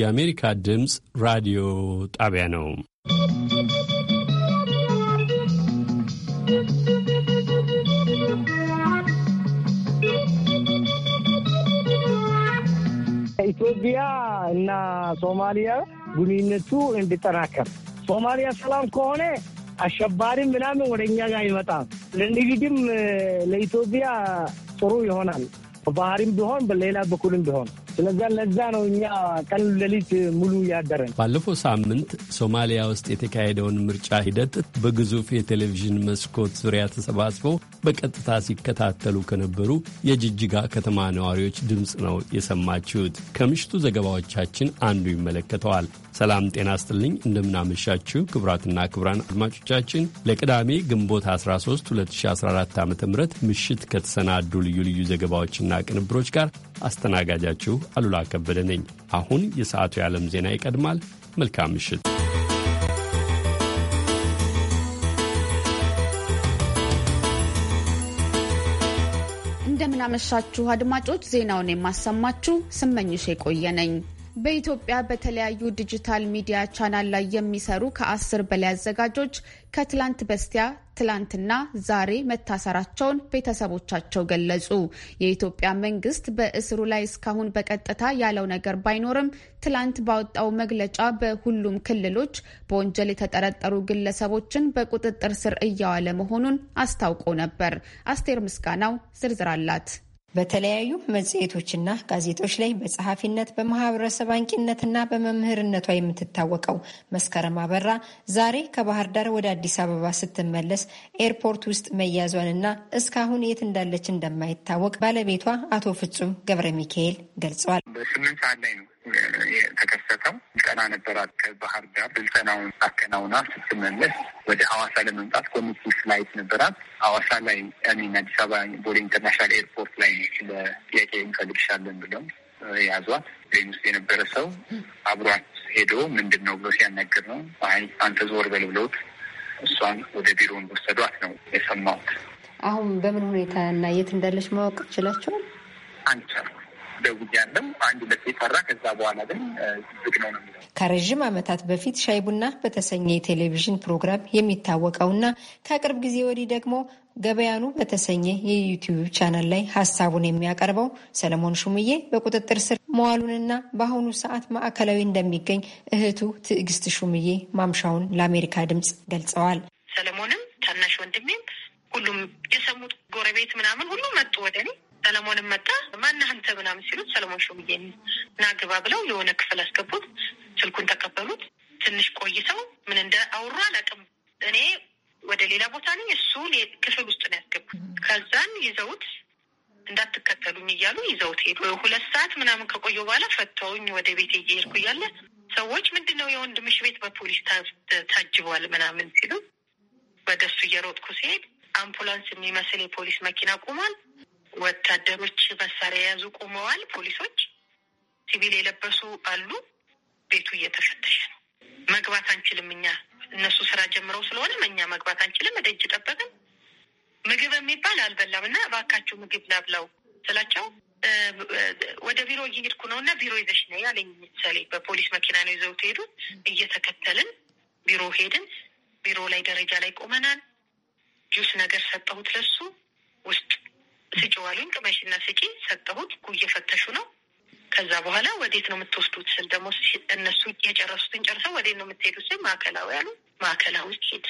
የአሜሪካ ድምፅ ራዲዮ ጣቢያ ነው። ኢትዮጵያ እና ሶማሊያ ግንኙነቱ እንዲጠናከር ሶማሊያ ሰላም ከሆነ አሸባሪም ምናምን ወደ እኛ ጋር አይመጣም። ለንግድም ለኢትዮጵያ ጥሩ ይሆናል። ባህሪም ቢሆን በሌላ በኩልም ቢሆን ስለዛ ለዛ ነው እኛ ቀን ሌሊት ሙሉ ያደረን። ባለፈው ሳምንት ሶማሊያ ውስጥ የተካሄደውን ምርጫ ሂደት በግዙፍ የቴሌቪዥን መስኮት ዙሪያ ተሰባስበው በቀጥታ ሲከታተሉ ከነበሩ የጅጅጋ ከተማ ነዋሪዎች ድምፅ ነው የሰማችሁት። ከምሽቱ ዘገባዎቻችን አንዱ ይመለከተዋል። ሰላም ጤና ስጥልኝ። እንደምናመሻችሁ ክቡራትና ክቡራን አድማጮቻችን ለቅዳሜ ግንቦት 13 2014 ዓ ም ምሽት ከተሰናዱ ልዩ ልዩ ዘገባዎችና ቅንብሮች ጋር አስተናጋጃችሁ አሉላ ከበደ ነኝ። አሁን የሰዓቱ የዓለም ዜና ይቀድማል። መልካም ምሽት። እንደምናመሻችሁ አድማጮች፣ ዜናውን የማሰማችሁ ስመኝሽ የቆየ ነኝ። በኢትዮጵያ በተለያዩ ዲጂታል ሚዲያ ቻናል ላይ የሚሰሩ ከአስር በላይ አዘጋጆች ከትላንት በስቲያ ትላንትና ዛሬ መታሰራቸውን ቤተሰቦቻቸው ገለጹ። የኢትዮጵያ መንግስት በእስሩ ላይ እስካሁን በቀጥታ ያለው ነገር ባይኖርም ትላንት ባወጣው መግለጫ በሁሉም ክልሎች በወንጀል የተጠረጠሩ ግለሰቦችን በቁጥጥር ስር እያዋለ መሆኑን አስታውቆ ነበር። አስቴር ምስጋናው ዝርዝር አላት። በተለያዩ መጽሔቶችና ጋዜጦች ላይ በጸሐፊነት በማህበረሰብ አንቂነትና በመምህርነቷ የምትታወቀው መስከረም አበራ ዛሬ ከባህር ዳር ወደ አዲስ አበባ ስትመለስ ኤርፖርት ውስጥ መያዟንና እስካሁን የት እንዳለች እንደማይታወቅ ባለቤቷ አቶ ፍጹም ገብረ ሚካኤል ገልጸዋል። በስምንት ሰዓት ላይ ነው የተከሰተው ቀና ነበራት። ከባህር ዳር ስልጠናውን አከናውና ስትመለስ ወደ ሐዋሳ ለመምጣት ኮሚቲ ፍላይት ነበራት። ሐዋሳ ላይ ሚን አዲስ አበባ ቦሌ ኢንተርናሽናል ኤርፖርት ላይ ለጥያቄ ጥያቄ እንፈልግሻለን ብለው የያዟት uh, ቤን ውስጥ የነበረ ሰው አብሯት ሄዶ ምንድን ነው ብሎ ሲያናግር ነው አይ አንተ ዞር በል ብለውት እሷን ወደ ቢሮ እንደወሰዷት ነው የሰማሁት። አሁን በምን ሁኔታ እና የት እንዳለች ማወቅ ችላቸዋል አንቻል ደውያለሁ። አንድ ሁለት የፈራ ከዛ በኋላ ግን ዝግ ነው ነው የሚለው። ከረዥም ዓመታት በፊት ሻይ ቡና በተሰኘ የቴሌቪዥን ፕሮግራም የሚታወቀው እና ከቅርብ ጊዜ ወዲህ ደግሞ ገበያኑ በተሰኘ የዩቲዩብ ቻናል ላይ ሀሳቡን የሚያቀርበው ሰለሞን ሹምዬ በቁጥጥር ስር መዋሉንና በአሁኑ ሰዓት ማዕከላዊ እንደሚገኝ እህቱ ትዕግስት ሹምዬ ማምሻውን ለአሜሪካ ድምፅ ገልጸዋል። ሰለሞንም ታናሽ ወንድሜም ሁሉም የሰሙት ጎረቤት ምናምን ሁሉ መጡ ወደ እኔ ሰለሞንም መጣ። ማነህ አንተ ምናምን ሲሉት ሰለሞን ሾምዬ ና ግባ ብለው የሆነ ክፍል አስገቡት። ስልኩን ተቀበሉት። ትንሽ ቆይተው ምን እንደ አውሩ አላውቅም። እኔ ወደ ሌላ ቦታ ነኝ፣ እሱ ክፍል ውስጥ ነው ያስገቡት። ከዛን ይዘውት እንዳትከተሉኝ እያሉ ይዘውት ሄዱ። ሁለት ሰዓት ምናምን ከቆየሁ በኋላ ፈተውኝ ወደ ቤት እየሄድኩ እያለ ሰዎች ምንድን ነው የወንድምሽ ቤት በፖሊስ ታጅቧል ምናምን ሲሉ ወደ እሱ እየሮጥኩ ሲሄድ አምቡላንስ የሚመስል የፖሊስ መኪና ቆሟል። ወታደሮች መሳሪያ የያዙ ቆመዋል። ፖሊሶች፣ ሲቪል የለበሱ አሉ። ቤቱ እየተፈተሸ ነው። መግባት አንችልም እኛ እነሱ ስራ ጀምረው ስለሆነ እኛ መግባት አንችልም። እደጅ ጠበቅን። ምግብ የሚባል አልበላም እና እባካችሁ ምግብ ላብላው ስላቸው ወደ ቢሮ እየሄድኩ ነው እና ቢሮ ይዘሽ ነይ አለኝ። ምሳሌ በፖሊስ መኪና ነው ይዘውት ትሄዱት። እየተከተልን ቢሮ ሄድን። ቢሮ ላይ ደረጃ ላይ ቆመናል። ጁስ ነገር ሰጠሁት ለሱ ውስጥ ስጭው አሉኝ። ቅመሽና ስጪ ሰጠሁት። እየፈተሹ ነው። ከዛ በኋላ ወዴት ነው የምትወስዱት ስል ደግሞ እነሱ የጨረሱትን ጨርሰው ወዴት ነው የምትሄዱት ስል ማዕከላዊ አሉ። ማዕከላዊ ሄድ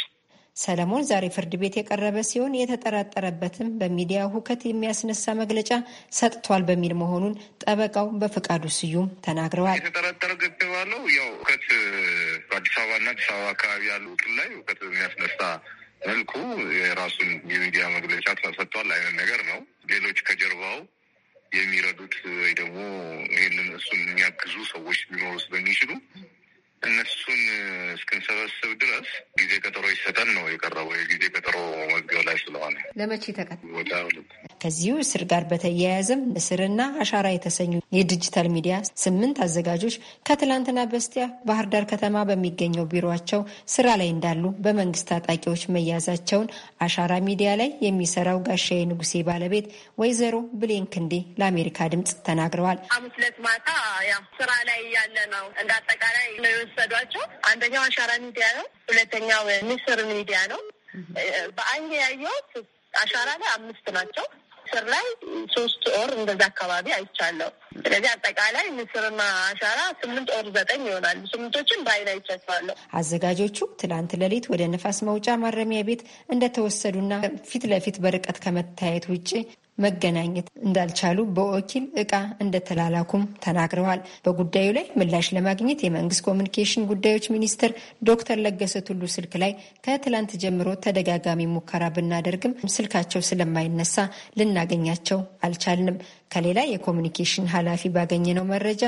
ሰለሞን ዛሬ ፍርድ ቤት የቀረበ ሲሆን የተጠረጠረበትም በሚዲያ ሁከት የሚያስነሳ መግለጫ ሰጥቷል በሚል መሆኑን ጠበቃው በፍቃዱ ስዩም ተናግረዋል። የተጠረጠረ ገብ ባለው ያው ሁከት በአዲስ አበባና አዲስ አበባ አካባቢ ያሉ ላይ ሁከት የሚያስነሳ መልኩ የራሱን የሚዲያ መግለጫ ሰጥቷል። አይነት ነገር ነው። ሌሎች ከጀርባው የሚረዱት ወይ ደግሞ ይህንን እሱን የሚያግዙ ሰዎች ሊኖሩ ስለሚችሉ እነሱን እስክንሰበስብ ድረስ ጊዜ ቀጠሮ ይሰጠን ነው የቀረበው። የጊዜ ቀጠሮ መዝገብ ላይ ስለሆነ ለመቼ ተቀ ከዚሁ እስር ጋር በተያያዘም እስርና አሻራ የተሰኙ የዲጂታል ሚዲያ ስምንት አዘጋጆች ከትላንትና በስቲያ ባህር ዳር ከተማ በሚገኘው ቢሮቸው ስራ ላይ እንዳሉ በመንግስት ታጣቂዎች መያዛቸውን አሻራ ሚዲያ ላይ የሚሰራው ጋሻዬ ንጉሴ ባለቤት ወይዘሮ ብሌን ክንዴ ለአሜሪካ ድምጽ ተናግረዋል። ሐሙስ ዕለት ማታ ያው ስራ ላይ እያለ ነው እንደ አጠቃላይ የምትሰዷቸው አንደኛው አሻራ ሚዲያ ነው። ሁለተኛው ምስር ሚዲያ ነው። በአይን ያየሁት አሻራ ላይ አምስት ናቸው። ምስር ላይ ሶስት ኦር እንደዛ አካባቢ አይቻለሁ። ስለዚህ አጠቃላይ ምስርና አሻራ ስምንት ኦር ዘጠኝ ይሆናሉ። ስምንቶችን በአይን አይቻቸዋለሁ። አዘጋጆቹ ትላንት ሌሊት ወደ ነፋስ መውጫ ማረሚያ ቤት እንደተወሰዱና ፊት ለፊት በርቀት ከመታየት ውጭ መገናኘት እንዳልቻሉ በወኪል እቃ እንደተላላኩም ተናግረዋል። በጉዳዩ ላይ ምላሽ ለማግኘት የመንግስት ኮሚኒኬሽን ጉዳዮች ሚኒስትር ዶክተር ለገሰ ቱሉ ስልክ ላይ ከትላንት ጀምሮ ተደጋጋሚ ሙከራ ብናደርግም ስልካቸው ስለማይነሳ ልናገኛቸው አልቻልንም። ከሌላ የኮሚኒኬሽን ኃላፊ ባገኘነው መረጃ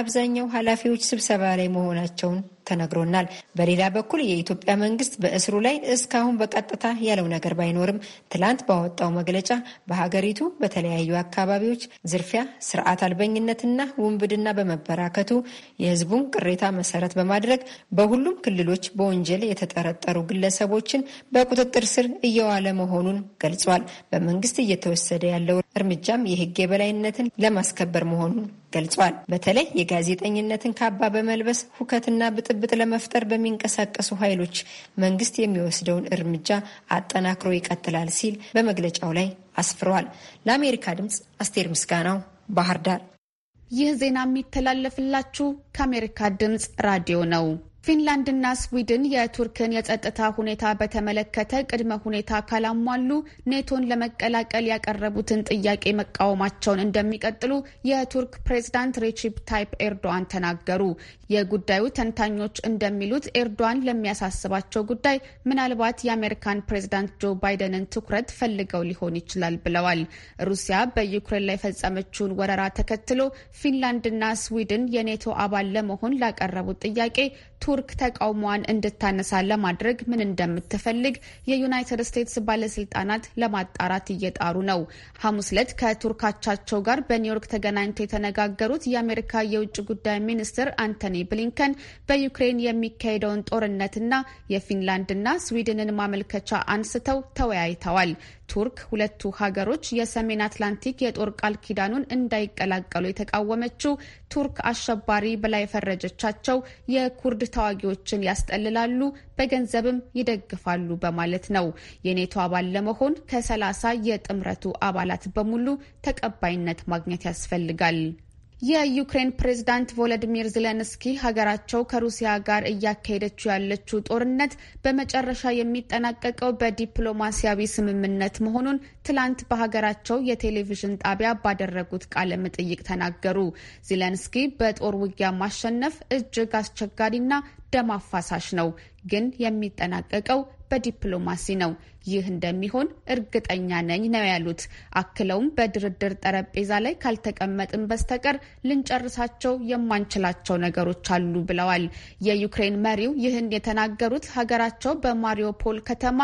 አብዛኛው ኃላፊዎች ስብሰባ ላይ መሆናቸውን ተነግሮናል። በሌላ በኩል የኢትዮጵያ መንግስት በእስሩ ላይ እስካሁን በቀጥታ ያለው ነገር ባይኖርም ትላንት ባወጣው መግለጫ በሀገሪቱ በተለያዩ አካባቢዎች ዝርፊያ፣ ስርዓት አልበኝነትና ውንብድና በመበራከቱ የህዝቡን ቅሬታ መሰረት በማድረግ በሁሉም ክልሎች በወንጀል የተጠረጠሩ ግለሰቦችን በቁጥጥር ስር እየዋለ መሆኑን ገልጿል። በመንግስት እየተወሰደ ያለው እርምጃም የህግ የበላይነትን ለማስከበር መሆኑን ገልጿል። በተለይ የጋዜጠኝነትን ካባ በመልበስ ሁከትና ብጥብጥ ለመፍጠር በሚንቀሳቀሱ ኃይሎች መንግስት የሚወስደውን እርምጃ አጠናክሮ ይቀጥላል ሲል በመግለጫው ላይ አስፍሯል። ለአሜሪካ ድምፅ አስቴር ምስጋናው ባህር ዳር። ይህ ዜና የሚተላለፍላችሁ ከአሜሪካ ድምፅ ራዲዮ ነው። ፊንላንድና ስዊድን የቱርክን የጸጥታ ሁኔታ በተመለከተ ቅድመ ሁኔታ ካላሟሉ ኔቶን ለመቀላቀል ያቀረቡትን ጥያቄ መቃወማቸውን እንደሚቀጥሉ የቱርክ ፕሬዝዳንት ሬቺፕ ታይፕ ኤርዶዋን ተናገሩ። የጉዳዩ ተንታኞች እንደሚሉት ኤርዶዋን ለሚያሳስባቸው ጉዳይ ምናልባት የአሜሪካን ፕሬዝዳንት ጆ ባይደንን ትኩረት ፈልገው ሊሆን ይችላል ብለዋል። ሩሲያ በዩክሬን ላይ የፈጸመችውን ወረራ ተከትሎ ፊንላንድና ስዊድን የኔቶ አባል ለመሆን ላቀረቡት ጥያቄ ቱርክ ተቃውሟን እንድታነሳ ለማድረግ ምን እንደምትፈልግ የዩናይትድ ስቴትስ ባለስልጣናት ለማጣራት እየጣሩ ነው። ሐሙስ ዕለት ከቱርካቻቸው ጋር በኒውዮርክ ተገናኝተው የተነጋገሩት የአሜሪካ የውጭ ጉዳይ ሚኒስትር አንቶኒ ብሊንከን በዩክሬን የሚካሄደውን ጦርነትና የፊንላንድና ስዊድንን ማመልከቻ አንስተው ተወያይተዋል። ቱርክ ሁለቱ ሀገሮች የሰሜን አትላንቲክ የጦር ቃል ኪዳኑን እንዳይቀላቀሉ የተቃወመችው ቱርክ አሸባሪ ብላ የፈረጀቻቸው የኩርድ ተዋጊዎችን ያስጠልላሉ፣ በገንዘብም ይደግፋሉ በማለት ነው። የኔቶ አባል ለመሆን ከሰላሳ የጥምረቱ አባላት በሙሉ ተቀባይነት ማግኘት ያስፈልጋል። የዩክሬን ፕሬዝዳንት ቮሎዲሚር ዜሌንስኪ ሀገራቸው ከሩሲያ ጋር እያካሄደችው ያለችው ጦርነት በመጨረሻ የሚጠናቀቀው በዲፕሎማሲያዊ ስምምነት መሆኑን ትላንት በሀገራቸው የቴሌቪዥን ጣቢያ ባደረጉት ቃለ መጠይቅ ተናገሩ። ዜሌንስኪ በጦር ውጊያ ማሸነፍ እጅግ አስቸጋሪና ደም አፋሳሽ ነው፣ ግን የሚጠናቀቀው በዲፕሎማሲ ነው ይህ እንደሚሆን እርግጠኛ ነኝ ነው ያሉት። አክለውም በድርድር ጠረጴዛ ላይ ካልተቀመጥን በስተቀር ልንጨርሳቸው የማንችላቸው ነገሮች አሉ ብለዋል። የዩክሬን መሪው ይህን የተናገሩት ሀገራቸው በማሪዮፖል ከተማ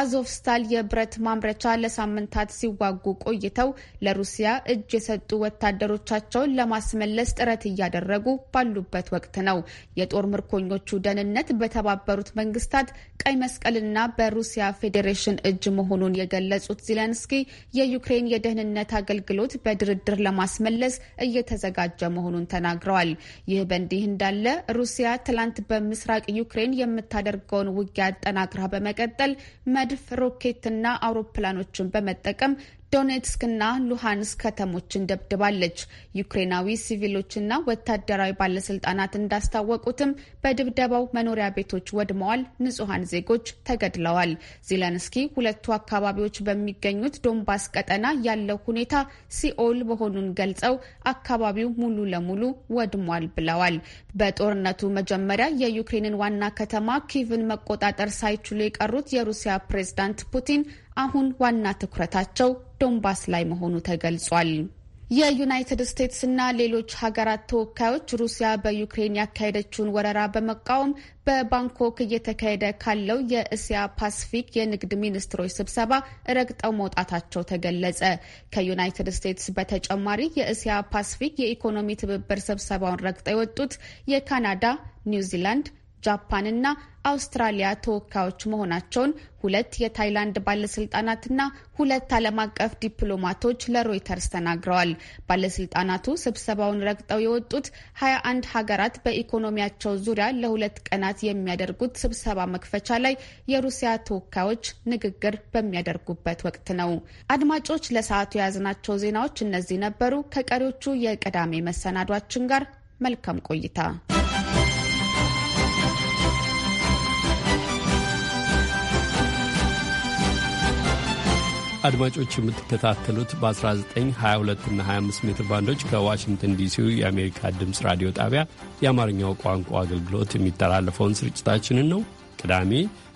አዞቭስታል የብረት ማምረቻ ለሳምንታት ሲዋጉ ቆይተው ለሩሲያ እጅ የሰጡ ወታደሮቻቸውን ለማስመለስ ጥረት እያደረጉ ባሉበት ወቅት ነው። የጦር ምርኮኞቹ ደህንነት በተባበሩት መንግስታት ቀይ መስቀልና በሩሲያ ፌዴሬሽን ራሽን እጅ መሆኑን የገለጹት ዜሌንስኪ የዩክሬን የደህንነት አገልግሎት በድርድር ለማስመለስ እየተዘጋጀ መሆኑን ተናግረዋል። ይህ በእንዲህ እንዳለ ሩሲያ ትላንት በምስራቅ ዩክሬን የምታደርገውን ውጊያ አጠናክራ በመቀጠል መድፍ፣ ሮኬትና አውሮፕላኖችን በመጠቀም ዶኔትስክና ሉሃንስክ ከተሞችን ደብድባለች። ዩክሬናዊ ሲቪሎችና ወታደራዊ ባለስልጣናት እንዳስታወቁትም በድብደባው መኖሪያ ቤቶች ወድመዋል፣ ንጹሐን ዜጎች ተገድለዋል። ዜለንስኪ ሁለቱ አካባቢዎች በሚገኙት ዶንባስ ቀጠና ያለው ሁኔታ ሲኦል መሆኑን ገልጸው አካባቢው ሙሉ ለሙሉ ወድሟል ብለዋል። በጦርነቱ መጀመሪያ የዩክሬንን ዋና ከተማ ኪቭን መቆጣጠር ሳይችሉ የቀሩት የሩሲያ ፕሬዝዳንት ፑቲን አሁን ዋና ትኩረታቸው ዶንባስ ላይ መሆኑ ተገልጿል። የዩናይትድ ስቴትስና ሌሎች ሀገራት ተወካዮች ሩሲያ በዩክሬን ያካሄደችውን ወረራ በመቃወም በባንኮክ እየተካሄደ ካለው የእስያ ፓስፊክ የንግድ ሚኒስትሮች ስብሰባ ረግጠው መውጣታቸው ተገለጸ። ከዩናይትድ ስቴትስ በተጨማሪ የእስያ ፓስፊክ የኢኮኖሚ ትብብር ስብሰባውን ረግጠው የወጡት የካናዳ፣ ኒውዚላንድ፣ ጃፓንና አውስትራሊያ ተወካዮች መሆናቸውን ሁለት የታይላንድ ባለስልጣናትና ሁለት ዓለም አቀፍ ዲፕሎማቶች ለሮይተርስ ተናግረዋል። ባለስልጣናቱ ስብሰባውን ረግጠው የወጡት ሀያ አንድ ሀገራት በኢኮኖሚያቸው ዙሪያ ለሁለት ቀናት የሚያደርጉት ስብሰባ መክፈቻ ላይ የሩሲያ ተወካዮች ንግግር በሚያደርጉበት ወቅት ነው። አድማጮች ለሰዓቱ የያዝናቸው ዜናዎች እነዚህ ነበሩ። ከቀሪዎቹ የቅዳሜ መሰናዷችን ጋር መልካም ቆይታ አድማጮች የምትከታተሉት በ1922 እና 25 ሜትር ባንዶች ከዋሽንግተን ዲሲው የአሜሪካ ድምፅ ራዲዮ ጣቢያ የአማርኛው ቋንቋ አገልግሎት የሚተላለፈውን ስርጭታችንን ነው። ቅዳሜ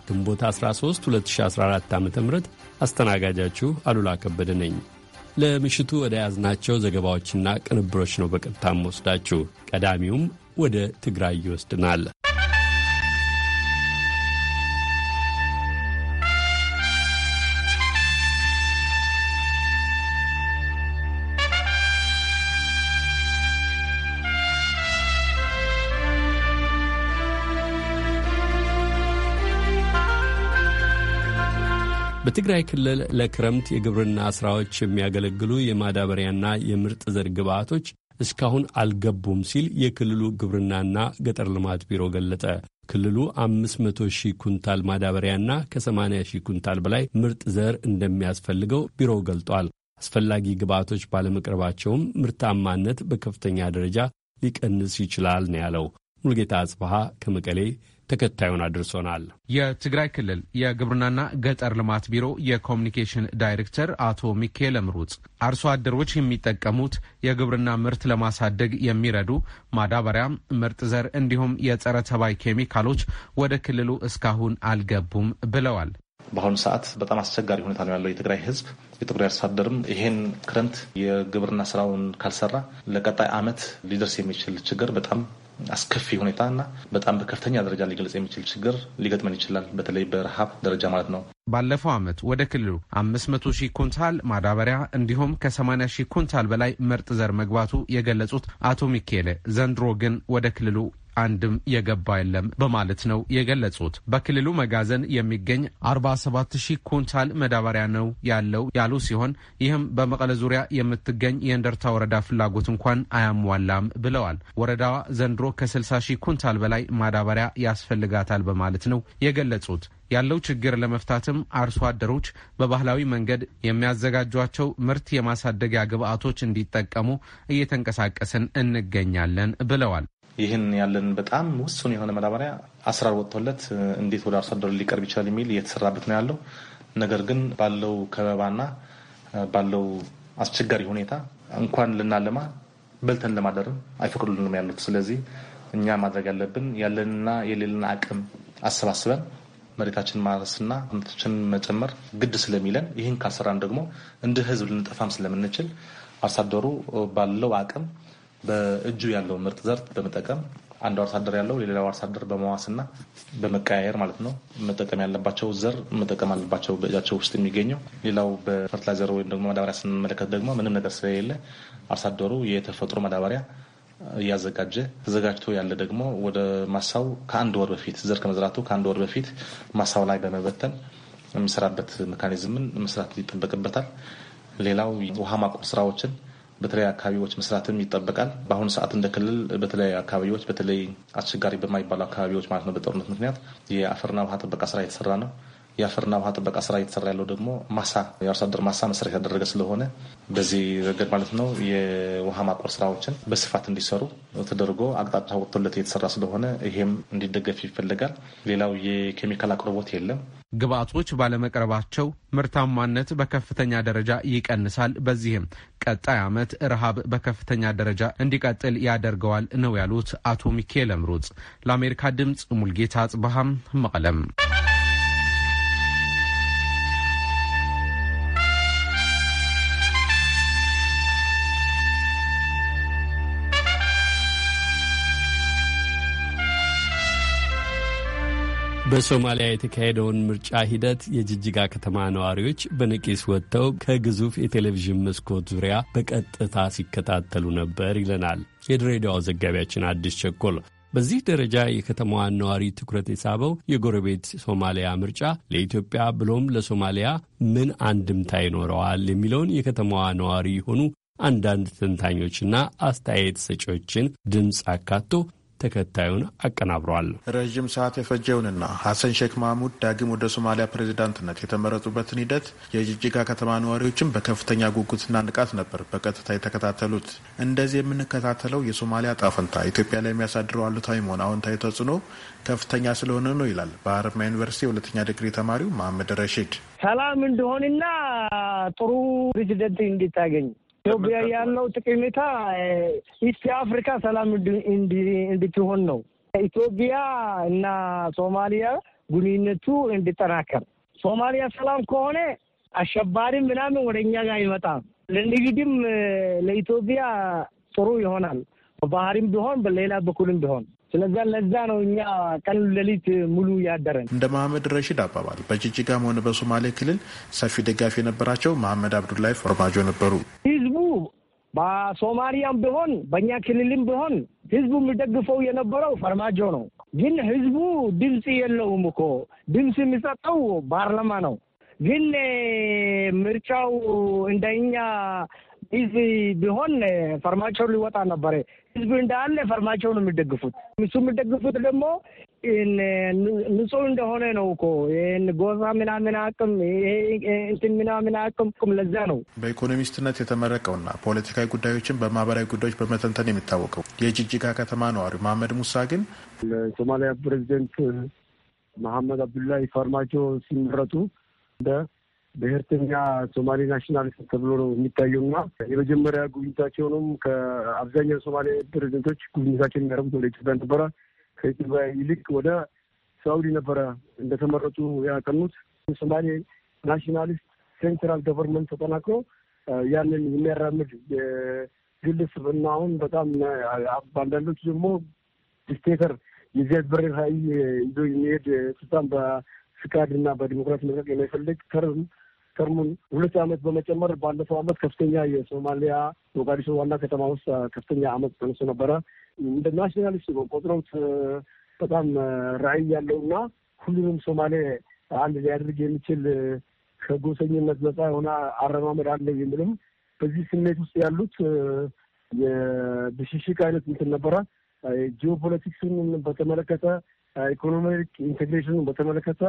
ግንቦት 13 2014 ዓ ም አስተናጋጃችሁ አሉላ ከበደ ነኝ። ለምሽቱ ወደ ያዝናቸው ዘገባዎችና ቅንብሮች ነው በቀጥታም ወስዳችሁ ቀዳሚውም ወደ ትግራይ ይወስድናል። በትግራይ ክልል ለክረምት የግብርና ሥራዎች የሚያገለግሉ የማዳበሪያና የምርጥ ዘር ግብዓቶች እስካሁን አልገቡም ሲል የክልሉ ግብርናና ገጠር ልማት ቢሮ ገለጠ። ክልሉ 500 ሺህ ኩንታል ማዳበሪያና ከ80 ሺህ ኩንታል በላይ ምርጥ ዘር እንደሚያስፈልገው ቢሮው ገልጧል። አስፈላጊ ግብዓቶች ባለመቅረባቸውም ምርታማነት በከፍተኛ ደረጃ ሊቀንስ ይችላል ነው ያለው። ሙልጌታ አጽበሃ ከመቀሌ ተከታዩን አድርሶናል። የትግራይ ክልል የግብርናና ገጠር ልማት ቢሮ የኮሚኒኬሽን ዳይሬክተር አቶ ሚካኤል ምሩጽ አርሶ አደሮች የሚጠቀሙት የግብርና ምርት ለማሳደግ የሚረዱ ማዳበሪያም፣ ምርጥ ዘር እንዲሁም የጸረ ተባይ ኬሚካሎች ወደ ክልሉ እስካሁን አልገቡም ብለዋል። በአሁኑ ሰዓት በጣም አስቸጋሪ ሁኔታ ነው ያለው የትግራይ ህዝብ የትግራይ አርሶ አደርም ይሄን ክረምት የግብርና ስራውን ካልሰራ ለቀጣይ አመት ሊደርስ የሚችል ችግር በጣም አስከፊ ሁኔታ እና በጣም በከፍተኛ ደረጃ ሊገለጽ የሚችል ችግር ሊገጥመን ይችላል። በተለይ በረሃብ ደረጃ ማለት ነው። ባለፈው ዓመት ወደ ክልሉ መቶ ሺህ ኩንታል ማዳበሪያ እንዲሁም ከ80 ሺህ ኩንታል በላይ ምርጥ ዘር መግባቱ የገለጹት አቶ ሚኬሌ ዘንድሮ ግን ወደ ክልሉ አንድም የገባ የለም በማለት ነው የገለጹት። በክልሉ መጋዘን የሚገኝ 47000 ኩንታል መዳበሪያ ነው ያለው ያሉ ሲሆን ይህም በመቀለ ዙሪያ የምትገኝ የእንደርታ ወረዳ ፍላጎት እንኳን አያሟላም ብለዋል። ወረዳዋ ዘንድሮ ከ60 ሺህ ኩንታል በላይ ማዳበሪያ ያስፈልጋታል በማለት ነው የገለጹት። ያለው ችግር ለመፍታትም አርሶ አደሮች በባህላዊ መንገድ የሚያዘጋጇቸው ምርት የማሳደጊያ ግብዓቶች እንዲጠቀሙ እየተንቀሳቀስን እንገኛለን ብለዋል። ይህን ያለን በጣም ውሱን የሆነ መዳበሪያ አስራር ወጥቶለት እንዴት ወደ አርሶ አደር ሊቀርብ ይችላል የሚል እየተሰራበት ነው ያለው። ነገር ግን ባለው ከበባና ባለው አስቸጋሪ ሁኔታ እንኳን ልናለማ በልተን ለማደርም አይፈቅዱልንም ያሉት። ስለዚህ እኛ ማድረግ ያለብን ያለንና የሌለን አቅም አሰባስበን መሬታችን ማረስና ምርቶችን መጨመር ግድ ስለሚለን ይህን ካልሰራን ደግሞ እንደ ሕዝብ ልንጠፋም ስለምንችል አርሶ አደሩ ባለው አቅም በእጁ ያለውን ምርጥ ዘር በመጠቀም አንዱ አርሳደር ያለው ሌላው አርሳደር በመዋስና በመቀያየር ማለት ነው መጠቀም ያለባቸው ዘር መጠቀም አለባቸው በእጃቸው ውስጥ የሚገኘው። ሌላው በፈርትላይዘር ወይም ደግሞ ማዳበሪያ ስንመለከት ደግሞ ምንም ነገር ስለሌለ አርሳደሩ አደሩ የተፈጥሮ ማዳበሪያ እያዘጋጀ ተዘጋጅቶ ያለ ደግሞ ወደ ማሳው ከአንድ ወር በፊት ዘር ከመዝራቱ ከአንድ ወር በፊት ማሳው ላይ በመበተን የሚሰራበት ሜካኒዝምን መስራት ይጠበቅበታል። ሌላው ውሃ ማቆም ስራዎችን በተለያዩ አካባቢዎች መስራትም ይጠበቃል። በአሁኑ ሰዓት እንደ ክልል በተለያዩ አካባቢዎች በተለይ አስቸጋሪ በማይባሉ አካባቢዎች ማለት ነው በጦርነት ምክንያት የአፈርና ውሃ ጥበቃ ስራ የተሰራ ነው። የአፈርና ውሃ ጥበቃ ስራ እየተሰራ ያለው ደግሞ ማሳ የአርሶ አደር ማሳ መሰረት ያደረገ ስለሆነ በዚህ ረገድ ማለት ነው የውሃ ማቆር ስራዎችን በስፋት እንዲሰሩ ተደርጎ አቅጣጫ ወጥቶለት እየተሰራ ስለሆነ ይሄም እንዲደገፍ ይፈልጋል። ሌላው የኬሚካል አቅርቦት የለም። ግብዓቶች ባለመቅረባቸው ምርታማነት በከፍተኛ ደረጃ ይቀንሳል። በዚህም ቀጣይ ዓመት ረሃብ በከፍተኛ ደረጃ እንዲቀጥል ያደርገዋል ነው ያሉት አቶ ሚካኤል አምሮጽ። ለአሜሪካ ድምፅ ሙልጌታ አጽበሃም መቀለም በሶማሊያ የተካሄደውን ምርጫ ሂደት የጅጅጋ ከተማ ነዋሪዎች በንቂስ ወጥተው ከግዙፍ የቴሌቪዥን መስኮት ዙሪያ በቀጥታ ሲከታተሉ ነበር ይለናል የድሬዳዋው ዘጋቢያችን አዲስ ቸኮል። በዚህ ደረጃ የከተማዋን ነዋሪ ትኩረት የሳበው የጎረቤት ሶማሊያ ምርጫ ለኢትዮጵያ ብሎም ለሶማሊያ ምን አንድምታ ይኖረዋል የሚለውን የከተማዋ ነዋሪ የሆኑ አንዳንድ ተንታኞችና አስተያየት ሰጪዎችን ድምፅ አካቶ ተከታዩን አቀናብረዋል። ረዥም ሰዓት የፈጀውንና ሐሰን ሼክ ማህሙድ ዳግም ወደ ሶማሊያ ፕሬዚዳንትነት የተመረጡበትን ሂደት የጅጅጋ ከተማ ነዋሪዎችን በከፍተኛ ጉጉትና ንቃት ነበር በቀጥታ የተከታተሉት። እንደዚህ የምንከታተለው የሶማሊያ ጣፈንታ ኢትዮጵያ ላይ የሚያሳድረው አሉታዊ መሆን አዎንታዊ ተጽዕኖ ከፍተኛ ስለሆነ ነው ይላል በሀረማያ ዩኒቨርሲቲ የሁለተኛ ዲግሪ ተማሪው መሀመድ ረሺድ። ሰላም እንደሆንና ጥሩ ፕሬዚደንት እንድታገኝ ኢትዮጵያ ያለው ጥቅሜታ ኢስት አፍሪካ ሰላም እንድትሆን ነው። ኢትዮጵያ እና ሶማሊያ ግንኙነቱ እንዲጠናከር፣ ሶማሊያ ሰላም ከሆነ አሸባሪ ምናምን ወደ እኛ ጋር አይመጣም። ለንግድም ለኢትዮጵያ ጥሩ ይሆናል። ባህሪም ቢሆን በሌላ በኩልም ቢሆን ስለዛ ለዛ ነው እኛ ቀን ሌሊት ሙሉ ያደረን። እንደ መሀመድ ረሺድ አባባል በጅጅጋም ሆነ በሶማሌ ክልል ሰፊ ደጋፊ የነበራቸው መሀመድ አብዱላይ ፎርማጆ ነበሩ። ህዝቡ በሶማሊያም ቢሆን በእኛ ክልልም ቢሆን ህዝቡ የሚደግፈው የነበረው ፈርማጆ ነው። ግን ህዝቡ ድምፅ የለውም እኮ ድምፅ የሚሰጠው ፓርላማ ነው። ግን ምርጫው እንደኛ ህዝብ ቢሆን ፈርማቸው ሊወጣ ነበረ። ህዝብ እንዳለ ፈርማቸው ነው የሚደግፉት። እሱ የሚደግፉት ደግሞ ንጹህ እንደሆነ ነው እኮ ይህን ጎሳ ምናምን አቅም እንትን ምናምን አቅም ቁም ለዛ ነው በኢኮኖሚስትነት የተመረቀውና ፖለቲካዊ ጉዳዮችን በማህበራዊ ጉዳዮች በመተንተን የሚታወቀው የጅጅጋ ከተማ ነዋሪ መሀመድ ሙሳ ግን ለሶማሊያ ፕሬዚደንት መሐመድ አብዱላሂ ፈርማቸው ሲመረጡ እንደ ብሔርተኛ ሶማሌ ናሽናሊስት ተብሎ ነው የሚታየው የሚታየውና የመጀመሪያ ጉብኝታቸውንም ከአብዛኛው ሶማሌ ፕሬዚደንቶች ጉብኝታቸውን የሚያደርጉት ወደ ኢትዮጵያ ነበረ። ከኢትዮጵያ ይልቅ ወደ ሳውዲ ነበረ እንደተመረጡ ያቀኑት። ሶማሌ ናሽናሊስት ሴንትራል ገቨርንመንት ተጠናክሮ ያንን የሚያራምድ ግል ስብና አሁን በጣም በአንዳንዶች ደግሞ ዲክቴተር የዚያ በሬ ይዞ የሚሄድ ስልጣን ፍቃድ ፍቃድና በዲሞክራሲ መድረክ የሚፈልግ ተርም ተርሙን ሁለት ዓመት በመጨመር ባለፈው ዓመት ከፍተኛ የሶማሊያ ሞቃዲሾ ዋና ከተማ ውስጥ ከፍተኛ አመፅ ተነሶ ነበረ። እንደ ናሽናሊስት ቆጥረውት በጣም ራዕይ ያለውና ሁሉንም ሶማሌ አንድ ሊያደርግ የሚችል ከጎሰኝነት ነጻ የሆነ አረማመድ አለ የሚልም በዚህ ስሜት ውስጥ ያሉት የብሽሽቅ አይነት እንትን ነበረ። ጂኦፖለቲክስን በተመለከተ ኢኮኖሚ ኢንቴግሬሽን በተመለከተ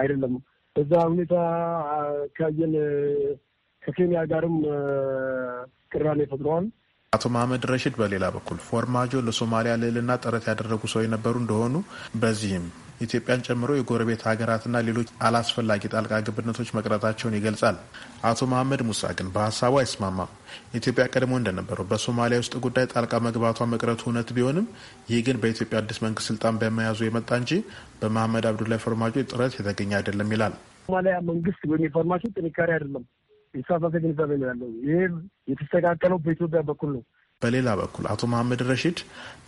አይደለም። በዛ ሁኔታ ካየን ከኬንያ ጋርም ቅራኔ ፈጥረዋል። አቶ መሀመድ ረሽድ በሌላ በኩል ፎርማጆ ለሶማሊያ ልዕልና ጥረት ያደረጉ ሰው የነበሩ እንደሆኑ በዚህም ኢትዮጵያን ጨምሮ የጎረቤት ሀገራትና ሌሎች አላስፈላጊ ጣልቃ ግብነቶች መቅረታቸውን ይገልጻል። አቶ መሀመድ ሙሳ ግን በሀሳቡ አይስማማም። ኢትዮጵያ ቀድሞ እንደነበረው በሶማሊያ ውስጥ ጉዳይ ጣልቃ መግባቷ መቅረቱ እውነት ቢሆንም ይህ ግን በኢትዮጵያ አዲስ መንግስት ስልጣን በመያዙ የመጣ እንጂ በመሀመድ አብዱላይ ፎርማጆ ጥረት የተገኘ አይደለም ይላል። ሶማሊያ መንግስት ወይም ጥንካሬ አይደለም የተሳሳተ ግንዛቤ ነው ያለው። ይህ የተስተካከለው በኢትዮጵያ በኩል ነው። በሌላ በኩል አቶ መሀመድ ረሺድ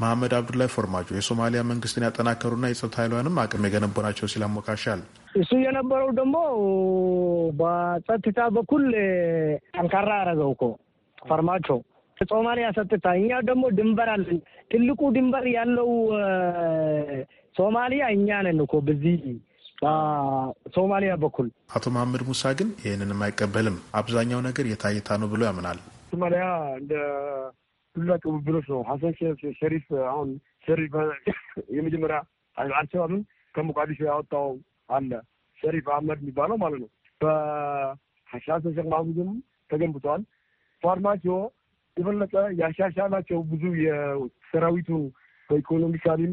መሀመድ አብዱላይ ፎርማጆ የሶማሊያ መንግስትን ያጠናከሩና የጸጥታ ኃይሏንም አቅም የገነቡ ናቸው ሲል አሞካሻል። እሱ የነበረው ደግሞ በጸጥታ በኩል ጠንካራ አረገው እኮ ፎርማጆ ሶማሊያ ጸጥታ፣ እኛ ደግሞ ድንበር አለን። ትልቁ ድንበር ያለው ሶማሊያ እኛ ነን እኮ በዚህ በሶማሊያ በኩል። አቶ መሀመድ ሙሳ ግን ይህንንም አይቀበልም። አብዛኛው ነገር የታይታ ነው ብሎ ያምናል። ሶማሊያ እንደ ዱላ ቅብብሎች ነው። ሀሰን ሸሪፍ አሁን ሸሪፍ የመጀመሪያ አልሸባብን ከሞቃዲሾ ያወጣው አለ ሸሪፍ አህመድ የሚባለው ማለት ነው። በሀሻሰን ሸክ ማህሙድም ተገንብተዋል። ፋርማሲዮ የበለጠ ያሻሻላቸው ብዙ የሰራዊቱ በኢኮኖሚካሊም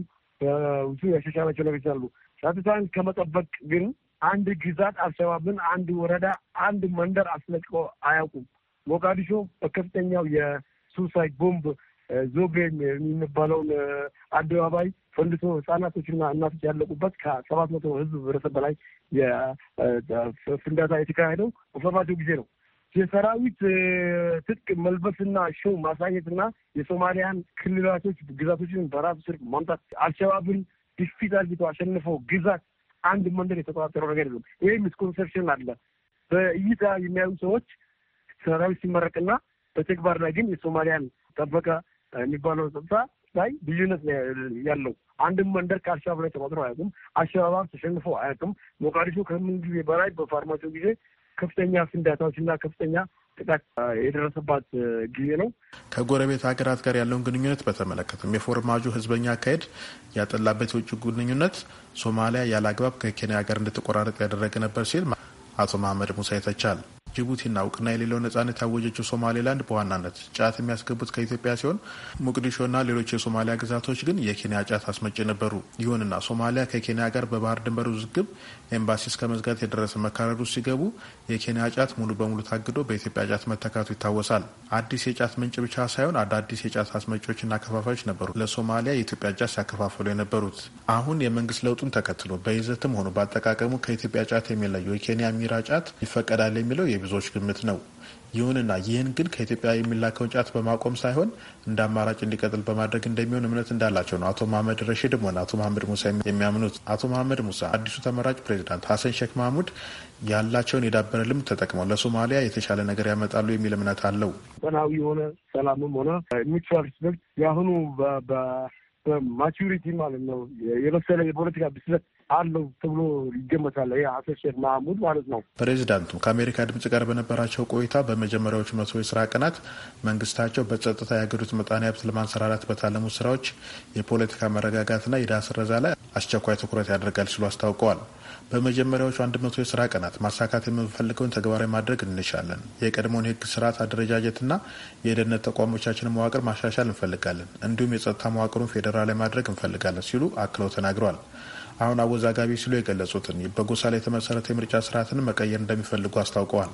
ብዙ ያሻሻላቸው ነገሮች አሉ። ጸጥታን ከመጠበቅ ግን አንድ ግዛት አልሸባብን፣ አንድ ወረዳ፣ አንድ መንደር አስለቅቆ አያውቁም። ሞቃዲሾ በከፍተኛው የሱሳይድ ቦምብ ዞብሬም የሚባለውን አደባባይ ፈንድቶ ህጻናቶችና እናቶች ያለቁበት ከሰባት መቶ ህዝብ ህብረተሰብ በላይ ፍንዳታ የተካሄደው በፈርማቸው ጊዜ ነው። የሰራዊት ትጥቅ መልበስና ሾው ማሳየትና የሶማሊያን ክልላቶች ግዛቶችን በራሱ ስር ማምጣት አልሸባብን ዲፊት አርጊቶ አሸንፈው ግዛት አንድ መንደር የተቆጣጠረው ነገር የለም። ይህ ሚስኮንሰፕሽን አለ። በእይታ የሚያዩ ሰዎች ሰራዊት ሲመረቅና በተግባር ላይ ግን የሶማሊያን ጠበቀ የሚባለው ጸጥታ ላይ ልዩነት ያለው አንድም መንደር ከአልሻባብ ላይ ተቆጥሮ አያውቅም። አልሻባብ ተሸንፎ አያውቅም። ሞቃዲሾ ከምን ጊዜ በላይ በፋርማሲው ጊዜ ከፍተኛ ፍንዳታዎች እና ከፍተኛ ጥቃት የደረሰባት ጊዜ ነው። ከጎረቤት ሀገራት ጋር ያለውን ግንኙነት በተመለከተም የፎርማጁ ህዝበኛ አካሄድ ያጠላበት የውጭ ግንኙነት ሶማሊያ ያለ አግባብ ከኬንያ ጋር እንድትቆራረጥ ያደረገ ነበር ሲል አቶ መሀመድ ሙሳ ይተቻል። ጅቡቲና እውቅና የሌለው ነጻነት ያወጀችው ሶማሌላንድ በዋናነት ጫት የሚያስገቡት ከኢትዮጵያ ሲሆን ሞቅዲሾና ሌሎች የሶማሊያ ግዛቶች ግን የኬንያ ጫት አስመጭ ነበሩ። ይሁንና ሶማሊያ ከኬንያ ጋር በባህር ድንበር ውዝግብ ኤምባሲ እስከ መዝጋት የደረሰ መካረር ሲገቡ የኬንያ ጫት ሙሉ በሙሉ ታግዶ በኢትዮጵያ ጫት መተካቱ ይታወሳል። አዲስ የጫት ምንጭ ብቻ ሳይሆን አዳዲስ የጫት አስመጪዎችና አከፋፋዮች ነበሩ ለሶማሊያ የኢትዮጵያ ጫት ሲያከፋፍሉ የነበሩት። አሁን የመንግስት ለውጡን ተከትሎ በይዘትም ሆኖ በአጠቃቀሙ ከኢትዮጵያ ጫት የሚለየው የኬንያ ሚራ ጫት ይፈቀዳል የሚለው የብዙዎች ግምት ነው። ይሁንና ይህን ግን ከኢትዮጵያ የሚላከውን ጫት በማቆም ሳይሆን እንደ አማራጭ እንዲቀጥል በማድረግ እንደሚሆን እምነት እንዳላቸው ነው አቶ መሀመድ ረሺድም ሆነ አቶ መሀመድ ሙሳ የሚያምኑት። አቶ መሀመድ ሙሳ አዲሱ ተመራጭ ፕሬዚዳንት ሀሰን ሼክ ማህሙድ ያላቸውን የዳበረ ልምድ ተጠቅመው ለሶማሊያ የተሻለ ነገር ያመጣሉ የሚል እምነት አለው። ጠናዊ የሆነ ሰላምም ሆነ ሚቹዋል ሪስፔክት የአሁኑ በማቹሪቲ ማለት ነው የመሰለ የፖለቲካ ብስለት አለው ተብሎ ይገመታል። ይህ አሰሸድ ማህሙድ ማለት ነው። ፕሬዚዳንቱ ከአሜሪካ ድምጽ ጋር በነበራቸው ቆይታ በመጀመሪያዎቹ መቶ የስራ ቀናት መንግስታቸው በጸጥታ ያገዱት ምጣኔ ሀብት ለማንሰራራት በታለሙ ስራዎች የፖለቲካ መረጋጋትና የዕዳ ስረዛ ላይ አስቸኳይ ትኩረት ያደርጋል ሲሉ አስታውቀዋል። በመጀመሪያዎቹ አንድ መቶ የስራ ቀናት ማሳካት የምንፈልገውን ተግባራዊ ማድረግ እንሻለን። የቀድሞውን የህግ ስርዓት አደረጃጀትና የደህንነት ተቋሞቻችንን መዋቅር ማሻሻል እንፈልጋለን። እንዲሁም የጸጥታ መዋቅሩን ፌዴራላዊ ማድረግ እንፈልጋለን ሲሉ አክለው ተናግረዋል። አሁን አወዛጋቢ ሲሉ የገለጹትን በጎሳ ላይ የተመሰረተ የምርጫ ስርዓትን መቀየር እንደሚፈልጉ አስታውቀዋል።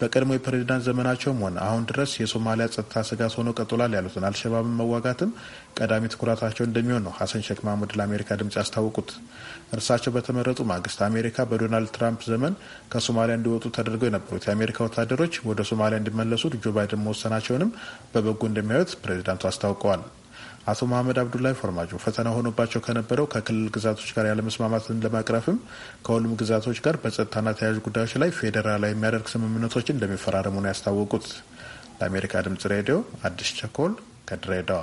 በቀድሞ የፕሬዝዳንት ዘመናቸውም ሆነ አሁን ድረስ የሶማሊያ ጸጥታ ስጋት ሆኖ ቀጥሏል ያሉትን አልሸባብን መዋጋትም ቀዳሚ ትኩረታቸው እንደሚሆን ነው ሀሰን ሼክ ማህሙድ ለአሜሪካ ድምፅ ያስታወቁት። እርሳቸው በተመረጡ ማግስት አሜሪካ በዶናልድ ትራምፕ ዘመን ከሶማሊያ እንዲወጡ ተደርገው የነበሩት የአሜሪካ ወታደሮች ወደ ሶማሊያ እንዲመለሱ ጆ ባይደን መወሰናቸውንም በበጎ እንደሚያዩት ፕሬዚዳንቱ አስታውቀዋል። አቶ መሀመድ አብዱላይ ፎርማጆ ፈተና ሆኖባቸው ከነበረው ከክልል ግዛቶች ጋር ያለመስማማትን ለማቅረፍም ከሁሉም ግዛቶች ጋር በጸጥታና ተያያዥ ጉዳዮች ላይ ፌዴራላዊ የሚያደርግ ስምምነቶችን እንደሚፈራረሙ ነው ያስታወቁት። ለአሜሪካ ድምጽ ሬዲዮ አዲስ ቸኮል ከድሬዳዋ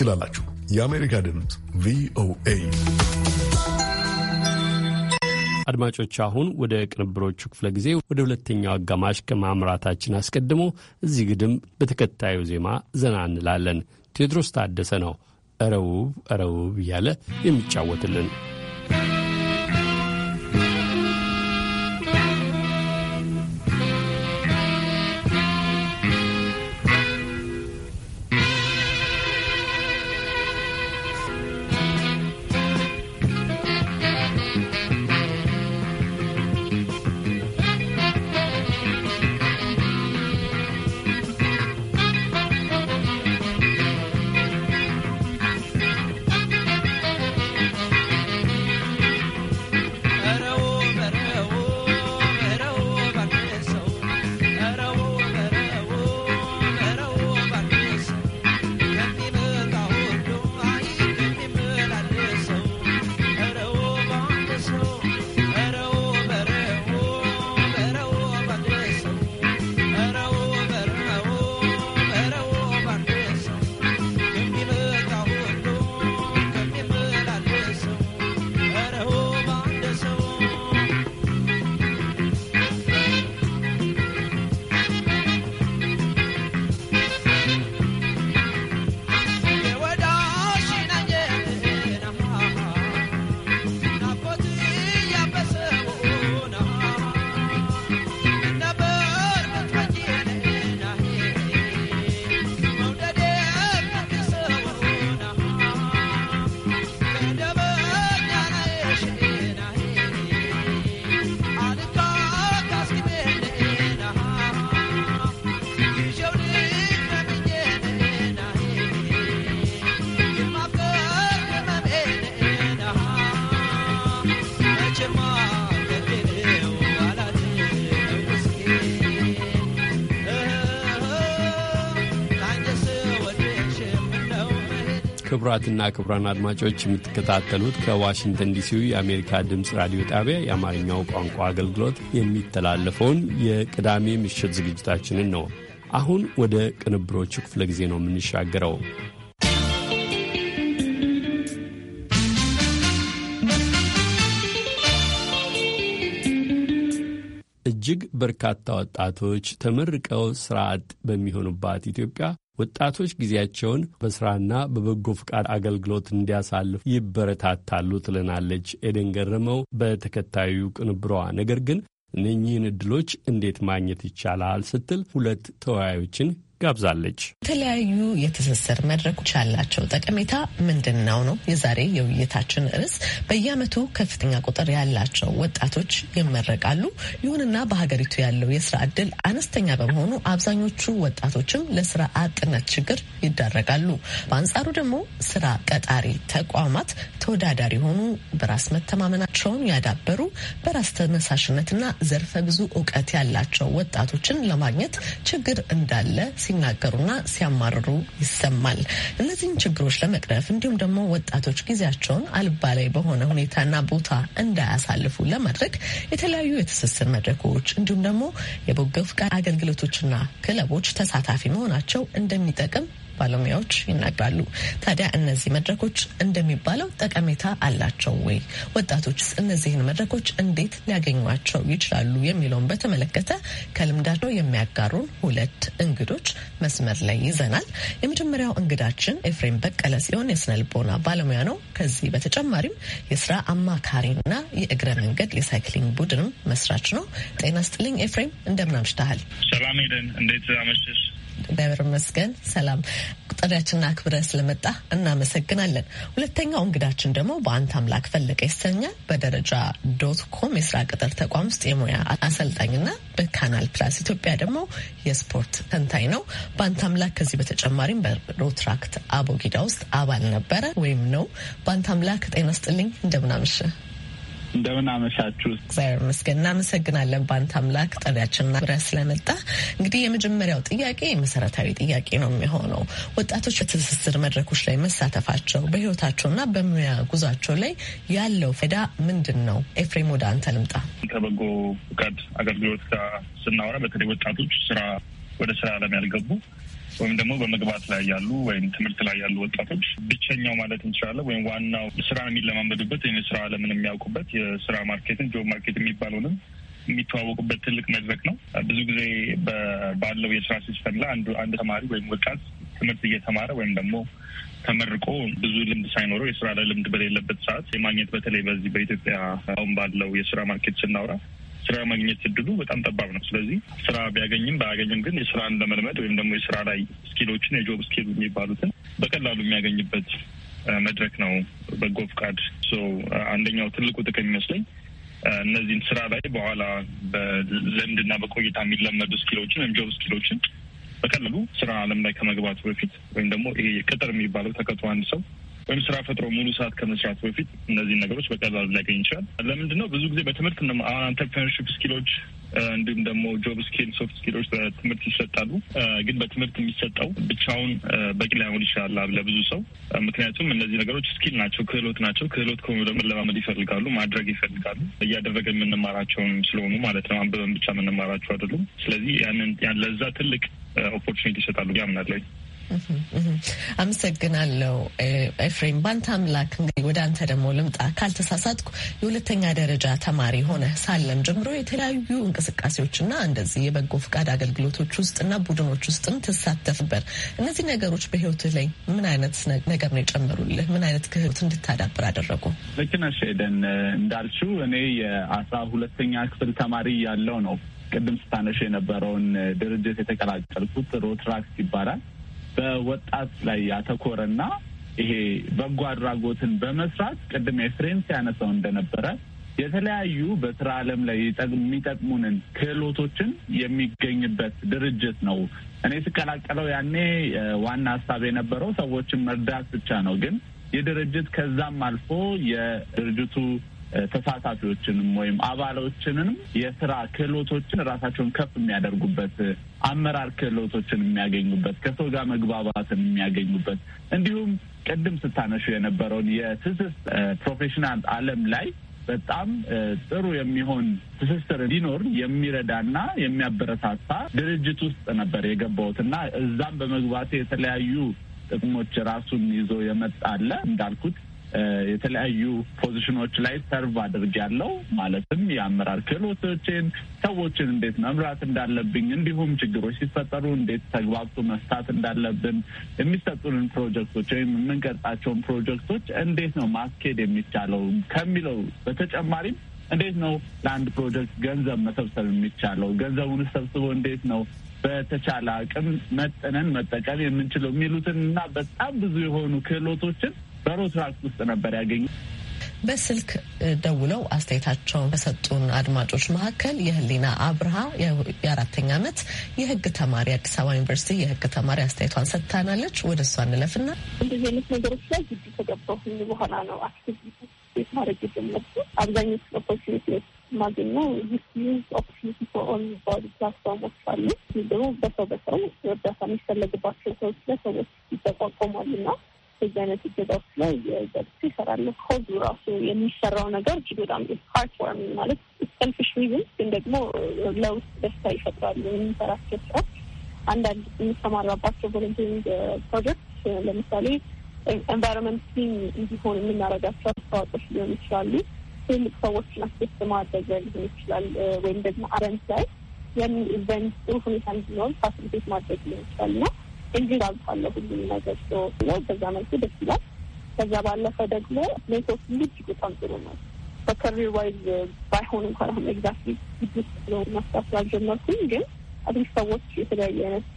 ትችላላችሁ። የአሜሪካ ድምፅ ቪኦኤ። አድማጮች አሁን ወደ ቅንብሮቹ ክፍለ ጊዜ ወደ ሁለተኛው አጋማሽ ከማምራታችን አስቀድሞ እዚህ ግድም በተከታዩ ዜማ ዘና እንላለን። ቴዎድሮስ ታደሰ ነው እረ ውብ እረ ውብ እያለ የሚጫወትልን ክቡራትና ክቡራን አድማጮች የምትከታተሉት ከዋሽንግተን ዲሲው የአሜሪካ ድምፅ ራዲዮ ጣቢያ የአማርኛው ቋንቋ አገልግሎት የሚተላለፈውን የቅዳሜ ምሽት ዝግጅታችንን ነው። አሁን ወደ ቅንብሮቹ ክፍለ ጊዜ ነው የምንሻገረው። በርካታ ወጣቶች ተመርቀው ስራ አጥ በሚሆኑባት ኢትዮጵያ ወጣቶች ጊዜያቸውን በስራና በበጎ ፍቃድ አገልግሎት እንዲያሳልፍ ይበረታታሉ ትለናለች ኤደን ገረመው በተከታዩ ቅንብሯ። ነገር ግን እነኚህን ዕድሎች እንዴት ማግኘት ይቻላል ስትል ሁለት ተወያዮችን ጋብዛለች። የተለያዩ የትስስር መድረኮች ያላቸው ጠቀሜታ ምንድን ነው ነው የዛሬ የውይይታችን ርዕስ። በየዓመቱ ከፍተኛ ቁጥር ያላቸው ወጣቶች ይመረቃሉ። ይሁንና በሀገሪቱ ያለው የስራ እድል አነስተኛ በመሆኑ አብዛኞቹ ወጣቶችም ለስራ አጥነት ችግር ይዳረጋሉ። በአንጻሩ ደግሞ ስራ ቀጣሪ ተቋማት ተወዳዳሪ የሆኑ በራስ መተማመናቸውን ያዳበሩ በራስ ተነሳሽነትና ዘርፈ ብዙ እውቀት ያላቸው ወጣቶችን ለማግኘት ችግር እንዳለ ሲናገሩና ሲያማርሩ ይሰማል። እነዚህን ችግሮች ለመቅረፍ እንዲሁም ደግሞ ወጣቶች ጊዜያቸውን አልባላይ በሆነ ሁኔታና ቦታ እንዳያሳልፉ ለማድረግ የተለያዩ የትስስር መድረኮች እንዲሁም ደግሞ የበጎ አገልግሎቶችና ክለቦች ተሳታፊ መሆናቸው እንደሚጠቅም ባለሙያዎች ይናገራሉ። ታዲያ እነዚህ መድረኮች እንደሚባለው ጠቀሜታ አላቸው ወይ? ወጣቶችስ እነዚህን መድረኮች እንዴት ሊያገኟቸው ይችላሉ? የሚለውን በተመለከተ ከልምዳቸው የሚያጋሩን ሁለት እንግዶች መስመር ላይ ይዘናል። የመጀመሪያው እንግዳችን ኤፍሬም በቀለ ሲሆን የስነ ልቦና ባለሙያ ነው። ከዚህ በተጨማሪም የስራ አማካሪና የእግረ መንገድ የሳይክሊንግ ቡድንም መስራች ነው። ጤና ስጥልኝ ኤፍሬም፣ እንደምን አምሽተሃል? ሰላም ሄደን፣ እንዴት አመሸሽ? እግዚአብሔር ይመስገን። ሰላም ጥሪያችንን አክብረህ ስለመጣ እናመሰግናለን። ሁለተኛው እንግዳችን ደግሞ በአንተ አምላክ ፈለቀ ይሰኛል። በደረጃ ዶት ኮም የስራ ቅጥር ተቋም ውስጥ የሙያ አሰልጣኝና በካናል ፕላስ ኢትዮጵያ ደግሞ የስፖርት ተንታኝ ነው። በአንተ አምላክ ከዚህ በተጨማሪም በሮትራክት አቦጊዳ ውስጥ አባል ነበረ ወይም ነው። በአንተ አምላክ ጤና ስጥልኝ እንደምናምሽ እንደምን አመሻችሁ። እግዚአብሔር ይመስገን። እናመሰግናለን በአንተ አምላክ ጠሪያችንና ብረ ስለመጣ። እንግዲህ የመጀመሪያው ጥያቄ መሰረታዊ ጥያቄ ነው የሚሆነው ወጣቶች በትስስር መድረኮች ላይ መሳተፋቸው በህይወታቸውና በሙያ ጉዟቸው ላይ ያለው ፋይዳ ምንድን ነው? ኤፍሬም ወደ አንተ ልምጣ። ከበጎ ፈቃድ አገልግሎት ጋር ስናወራ በተለይ ወጣቶች ስራ ወደ ስራ ዓለም ያልገቡ ወይም ደግሞ በመግባት ላይ ያሉ ወይም ትምህርት ላይ ያሉ ወጣቶች ብቸኛው ማለት እንችላለን ወይም ዋናው ስራ የሚለማመዱበት ወይም የስራ አለምን የሚያውቁበት የስራ ማርኬትን ጆብ ማርኬት የሚባለውንም የሚተዋወቁበት ትልቅ መድረክ ነው። ብዙ ጊዜ ባለው የስራ ሲስተም ላይ አንዱ አንድ ተማሪ ወይም ወጣት ትምህርት እየተማረ ወይም ደግሞ ተመርቆ ብዙ ልምድ ሳይኖረው የስራ ላይ ልምድ በሌለበት ሰዓት የማግኘት በተለይ በዚህ በኢትዮጵያ አሁን ባለው የስራ ማርኬት ስናወራ ስራ ማግኘት እድሉ በጣም ጠባብ ነው። ስለዚህ ስራ ቢያገኝም ባያገኝም ግን የስራን ለመልመድ ወይም ደግሞ የስራ ላይ ስኪሎችን የጆብ ስኪል የሚባሉትን በቀላሉ የሚያገኝበት መድረክ ነው በጎ ፍቃድ። አንደኛው ትልቁ ጥቅም ይመስለኝ እነዚህን ስራ ላይ በኋላ በልምድና በቆይታ የሚለመዱ ስኪሎችን ወይም ጆብ ስኪሎችን በቀላሉ ስራ አለም ላይ ከመግባቱ በፊት ወይም ደግሞ ይሄ ቅጥር የሚባለው ተቀጥሮ አንድ ሰው ወይም ስራ ፈጥሮ ሙሉ ሰዓት ከመስራት በፊት እነዚህን ነገሮች በቀላሉ ሊያገኝ ይችላል። ለምንድን ነው ብዙ ጊዜ በትምህርት አንተርፕረነርሺፕ ስኪሎች እንዲሁም ደግሞ ጆብ ስኪል፣ ሶፍት ስኪሎች በትምህርት ይሰጣሉ። ግን በትምህርት የሚሰጠው ብቻውን በቂ ላይሆን ይችላል ለብዙ ሰው። ምክንያቱም እነዚህ ነገሮች ስኪል ናቸው፣ ክህሎት ናቸው። ክህሎት ከሆኑ ደግሞ ለማመድ ይፈልጋሉ፣ ማድረግ ይፈልጋሉ። እያደረገ የምንማራቸውን ስለሆኑ ማለት ነው። አንብበን ብቻ የምንማራቸው አይደሉም። ስለዚህ ያንን ለዛ ትልቅ ኦፖርቹኒቲ ይሰጣሉ ያምናለኝ። አመሰግናለሁ ኤፍሬም። ባንተ አምላክ እንግዲህ ወደ አንተ ደግሞ ልምጣ። ካልተሳሳትኩ የሁለተኛ ደረጃ ተማሪ ሆነ ሳለም ጀምሮ የተለያዩ እንቅስቃሴዎችና እንደዚህ የበጎ ፍቃድ አገልግሎቶች ውስጥና ቡድኖች ውስጥም ትሳተፍበር። እነዚህ ነገሮች በህይወትህ ላይ ምን አይነት ነገር ነው የጨመሩልህ? ምን አይነት ክህሎት እንድታዳብር አደረጉ? ልክ ነሽ ሄደን እንዳልሽው እኔ የአስራ ሁለተኛ ክፍል ተማሪ ያለው ነው ቅድም ስታነሽ የነበረውን ድርጅት የተቀላቀልኩት ሮትራክስ ይባላል። በወጣት ላይ ያተኮረና ይሄ በጎ አድራጎትን በመስራት ቅድም ኤፍሬም ሲያነሳው እንደነበረ የተለያዩ በስራ ዓለም ላይ የሚጠቅሙንን ክህሎቶችን የሚገኝበት ድርጅት ነው። እኔ ስቀላቀለው ያኔ ዋና ሀሳብ የነበረው ሰዎችን መርዳት ብቻ ነው። ግን ይህ ድርጅት ከዛም አልፎ የድርጅቱ ተሳታፊዎችንም ወይም አባሎችንም የስራ ክህሎቶችን ራሳቸውን ከፍ የሚያደርጉበት አመራር ክህሎቶችን የሚያገኙበት፣ ከሰው ጋር መግባባትን የሚያገኙበት እንዲሁም ቅድም ስታነሹ የነበረውን የትስስ ፕሮፌሽናል አለም ላይ በጣም ጥሩ የሚሆን ትስስር እንዲኖር የሚረዳና የሚያበረታታ ድርጅት ውስጥ ነበር የገባሁት እና እዛም በመግባቴ የተለያዩ ጥቅሞች ራሱን ይዞ የመጣለ እንዳልኩት የተለያዩ ፖዚሽኖች ላይ ሰርቭ አድርጌያለሁ። ማለትም የአመራር ክህሎቶችን፣ ሰዎችን እንዴት መምራት እንዳለብኝ፣ እንዲሁም ችግሮች ሲፈጠሩ እንዴት ተግባብቶ መፍታት እንዳለብን፣ የሚሰጡንን ፕሮጀክቶች ወይም የምንቀርጻቸውን ፕሮጀክቶች እንዴት ነው ማስኬድ የሚቻለው ከሚለው በተጨማሪም እንዴት ነው ለአንድ ፕሮጀክት ገንዘብ መሰብሰብ የሚቻለው፣ ገንዘቡን ሰብስቦ እንዴት ነው በተቻለ አቅም መጠነን መጠቀም የምንችለው የሚሉትን እና በጣም ብዙ የሆኑ ክህሎቶችን በሮትራክ ውስጥ ነበር ያገኙ። በስልክ ደውለው አስተያየታቸውን ከሰጡን አድማጮች መካከል የህሊና አብርሃ የአራተኛ ዓመት የህግ ተማሪ አዲስ አበባ ዩኒቨርሲቲ የህግ ተማሪ አስተያየቷን ሰጥታናለች። ወደ እሷ እንለፍና እንደዚህ አይነት ነገሮች ላይ ግቢ ከገባሁኝ በኋላ ነው አክቲቪቲ ማድረግ የጀመርኩ አብዛኞቹ ኦፖርቹኒቲ ማገኘው ኦፖርቹኒቲ ኦን የሚባሉ ፕላትፎርሞች አሉ። ደግሞ በሰው በሰው እርዳታ የሚፈለግባቸው ሰዎች ለሰዎች ይጠቋቋማሉ ና በዚህ አይነት እገዛዎች ላይ ገብቶ ይሰራሉ። ኮዙ ራሱ የሚሰራው ነገር እጅግ በጣም ሀርት ዋርሚንግ ማለት ሰልፍሽ ሪዝን ግን ደግሞ ለውስጥ ደስታ ይፈጥራሉ የሚሰራቸው ስራ አንዳንድ የሚሰማራባቸው ቮለንቲሪንግ ፕሮጀክት ለምሳሌ ኤንቫይሮንመንት ቲም እንዲሆን የምናረጋቸው አስተዋጽኦች ሊሆን ይችላሉ። ትልቅ ሰዎችን አስደስት ማድረግ ሊሆን ይችላል። uh, ወይም ደግሞ አረንት ላይ ያን ኢቨንት ጥሩ ሁኔታ እንዲኖር ፋሲሊቴት ማድረግ ሊሆን ይችላል እና እዚህ ላልኳለ ሁሉም ነገር ነው። በዛ መልኩ ደስ ይላል። ከዛ ባለፈ ደግሞ ኔትወርክ ልጅ በጣም ጥሩ ነው። በከሪር ዋይዝ ባይሆን እንኳን አሁን ኤግዛክትሊ ግድ ውስጥ ነው ማስታት ስላልጀመርኩኝ፣ ግን አዲስ ሰዎች የተለያየ አይነት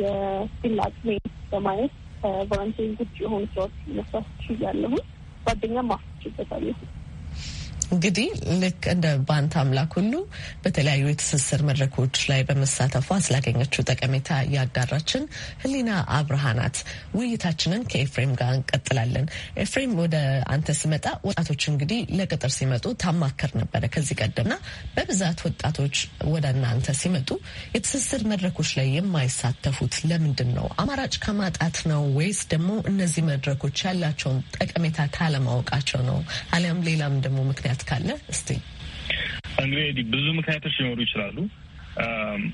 የፊል አቅሜ በማየት ከቮለንቲሪንግ ውጭ የሆኑ ሰዎች መስራት ችያለሁን ጓደኛም ማፍችበታለሁ እንግዲህ ልክ እንደ ባንት አምላክ ሁሉ በተለያዩ የትስስር መድረኮች ላይ በመሳተፏ ስላገኘችው ጠቀሜታ ያጋራችን ህሊና አብርሃናት ውይይታችንን ከኤፍሬም ጋር እንቀጥላለን። ኤፍሬም፣ ወደ አንተ ስመጣ ወጣቶች እንግዲህ ለቅጥር ሲመጡ ታማከር ነበረ ከዚህ ቀደምና በብዛት ወጣቶች ወደ እናንተ ሲመጡ የትስስር መድረኮች ላይ የማይሳተፉት ለምንድን ነው? አማራጭ ከማጣት ነው ወይስ ደግሞ እነዚህ መድረኮች ያላቸውን ጠቀሜታ ካለማወቃቸው ነው? አሊያም ሌላም ደግሞ ምክንያት ምክንያት ካለ እስቲ። እንግዲህ ብዙ ምክንያቶች ሊኖሩ ይችላሉ።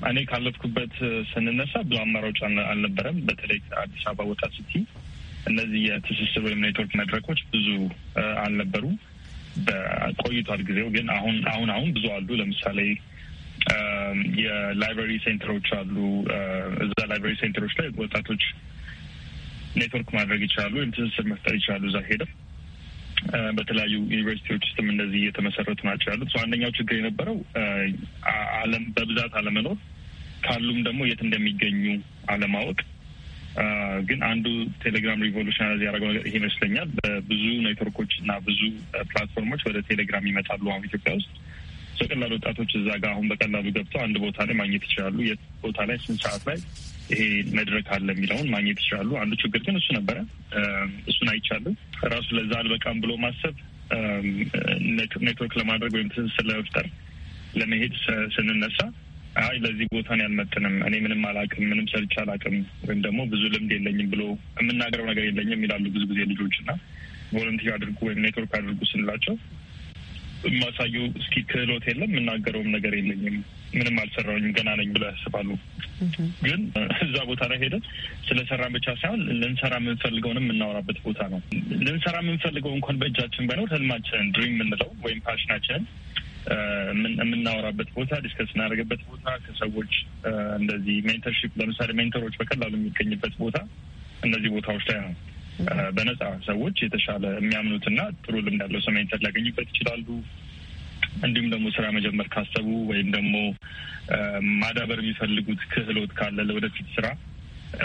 እኔ ካለፍኩበት ስንነሳ ብዙ አማራጭ አልነበረም። በተለይ አዲስ አበባ ወጣት ስቲ እነዚህ የትስስር ወይም ኔትወርክ መድረኮች ብዙ አልነበሩ። በቆይቷል ጊዜው ግን አሁን አሁን አሁን ብዙ አሉ። ለምሳሌ የላይብራሪ ሴንተሮች አሉ። እዛ ላይብራሪ ሴንተሮች ላይ ወጣቶች ኔትወርክ ማድረግ ይችላሉ ወይም ትስስር መፍጠር ይችላሉ እዛ ሄደው በተለያዩ ዩኒቨርሲቲዎች ውስጥም እንደዚህ እየተመሰረቱ ናቸው ያሉት። አንደኛው ችግር የነበረው አለም በብዛት አለመኖር ካሉም ደግሞ የት እንደሚገኙ አለማወቅ። ግን አንዱ ቴሌግራም ዚ ያደረገው ነገር ይሄ ይመስለኛል። ብዙ ኔትወርኮች እና ብዙ ፕላትፎርሞች ወደ ቴሌግራም ይመጣሉ። አሁን ኢትዮጵያ ውስጥ በቀላሉ ወጣቶች እዛ ጋር አሁን በቀላሉ ገብተው አንድ ቦታ ላይ ማግኘት ይችላሉ። የት ቦታ ላይ ስንት ሰዓት ላይ ይሄ መድረክ አለ የሚለውን ማግኘት ይችላሉ። አንዱ ችግር ግን እሱ ነበረ። እሱን አይቻልም። ራሱ ለዛ አልበቃም ብሎ ማሰብ ኔትወርክ ለማድረግ ወይም ትስስር ለመፍጠር ለመሄድ ስንነሳ አይ ለዚህ ቦታን ያልመጥንም፣ እኔ ምንም አላቅም፣ ምንም ሰርቼ አላቅም፣ ወይም ደግሞ ብዙ ልምድ የለኝም ብሎ የምናገረው ነገር የለኝም ይላሉ ብዙ ጊዜ ልጆች እና ቮለንቲር አድርጉ ወይም ኔትወርክ አድርጉ ስንላቸው የማሳዩ እስኪ ክህሎት የለም፣ የምናገረውም ነገር የለኝም፣ ምንም አልሰራውኝም፣ ገና ነኝ ብለው ያስባሉ። ግን እዛ ቦታ ላይ ሄደን ስለሰራን ብቻ ሳይሆን ልንሰራ የምንፈልገውንም የምናወራበት ቦታ ነው። ልንሰራ የምንፈልገው እንኳን በእጃችን ባይኖር ህልማችንን ድሪም የምንለው ወይም ፓሽናችንን የምናወራበት ቦታ፣ ዲስከስ እናደርግበት ቦታ፣ ከሰዎች እንደዚህ ሜንተርሺፕ ለምሳሌ ሜንተሮች በቀላሉ የሚገኝበት ቦታ እነዚህ ቦታዎች ላይ ነው። በነፃ ሰዎች የተሻለ የሚያምኑትና ጥሩ ልምድ ያለው ሰው ሊያገኙበት ይችላሉ። እንዲሁም ደግሞ ስራ መጀመር ካሰቡ ወይም ደግሞ ማዳበር የሚፈልጉት ክህሎት ካለ ለወደፊት ስራ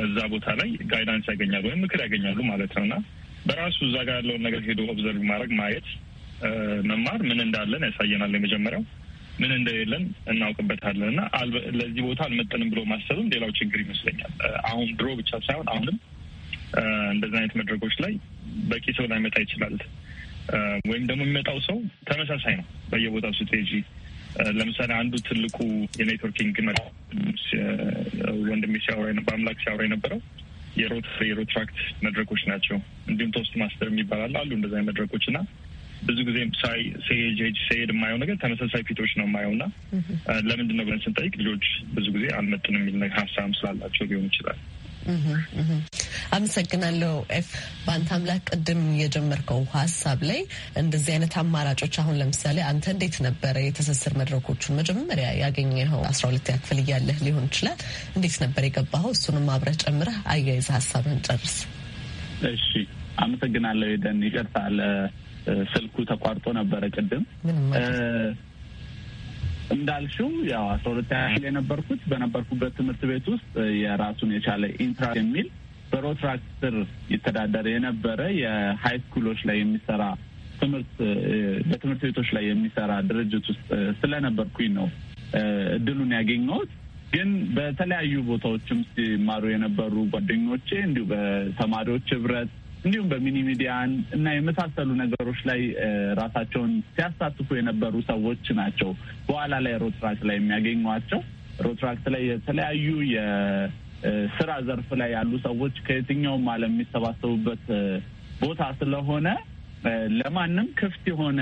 እዛ ቦታ ላይ ጋይዳንስ ያገኛሉ ወይም ምክር ያገኛሉ ማለት ነው እና በራሱ እዛ ጋር ያለውን ነገር ሄዶ ኦብዘርቭ ማድረግ ማየት መማር ምን እንዳለን ያሳየናል። የመጀመሪያው ምን እንደሌለን እናውቅበታለን እና ለዚህ ቦታ አልመጠንም ብሎ ማሰብም ሌላው ችግር ይመስለኛል። አሁን ድሮ ብቻ ሳይሆን አሁንም እንደዚህ አይነት መድረኮች ላይ በቂ ሰው ላይመጣ ይችላል። ወይም ደግሞ የሚመጣው ሰው ተመሳሳይ ነው በየቦታው ስትሄጂ ለምሳሌ አንዱ ትልቁ የኔትወርኪንግ ወንድሜ ሲያወራ በአምላክ ሲያወራ የነበረው የሮትራክት መድረኮች ናቸው። እንዲሁም ቶስት ማስተር የሚባላል አሉ እንደዚ መድረኮች እና ብዙ ጊዜ ሳይ ስሄድ ሄጅ የማየው ነገር ተመሳሳይ ፊቶች ነው የማየው እና ለምንድን ነው ብለን ስንጠይቅ ልጆች ብዙ ጊዜ አልመጥንም የሚል ሀሳብም ስላላቸው ሊሆን ይችላል። አመሰግናለሁ። ኤፍ በአንተ አምላክ ቅድም የጀመርከው ሀሳብ ላይ እንደዚህ አይነት አማራጮች አሁን ለምሳሌ አንተ እንዴት ነበረ የትስስር መድረኮቹን መጀመሪያ ያገኘኸው? አስራ ሁለተኛ ክፍል እያለህ ሊሆን ይችላል። እንዴት ነበር የገባኸው? እሱንም አብረህ ጨምረህ አያይዘ ሀሳብህን ጨርስ። እሺ፣ አመሰግናለሁ። ደን ይቀርታል። ስልኩ ተቋርጦ ነበረ ቅድም እንዳልሽው ያው አስራ ሁለተኛ ያህል የነበርኩት በነበርኩበት ትምህርት ቤት ውስጥ የራሱን የቻለ ኢንትራ የሚል በሮትራክት ስር ይተዳደር የነበረ የሀይ ስኩሎች ላይ የሚሰራ ትምህርት በትምህርት ቤቶች ላይ የሚሰራ ድርጅት ውስጥ ስለነበርኩኝ ነው እድሉን ያገኘሁት። ግን በተለያዩ ቦታዎችም ሲማሩ የነበሩ ጓደኞቼ እንዲሁ በተማሪዎች ህብረት እንዲሁም በሚኒ ሚዲያን እና የመሳሰሉ ነገሮች ላይ ራሳቸውን ሲያሳትፉ የነበሩ ሰዎች ናቸው። በኋላ ላይ ሮትራክት ላይ የሚያገኟቸው ሮትራክት ላይ የተለያዩ የስራ ዘርፍ ላይ ያሉ ሰዎች ከየትኛውም ዓለም የሚሰባሰቡበት ቦታ ስለሆነ ለማንም ክፍት የሆነ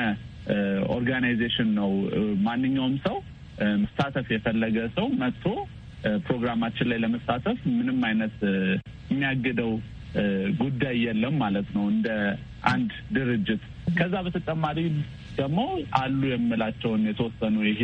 ኦርጋናይዜሽን ነው። ማንኛውም ሰው መሳተፍ የፈለገ ሰው መጥቶ ፕሮግራማችን ላይ ለመሳተፍ ምንም አይነት የሚያግደው ጉዳይ የለም ማለት ነው እንደ አንድ ድርጅት። ከዛ በተጨማሪ ደግሞ አሉ የምላቸውን የተወሰኑ ይሄ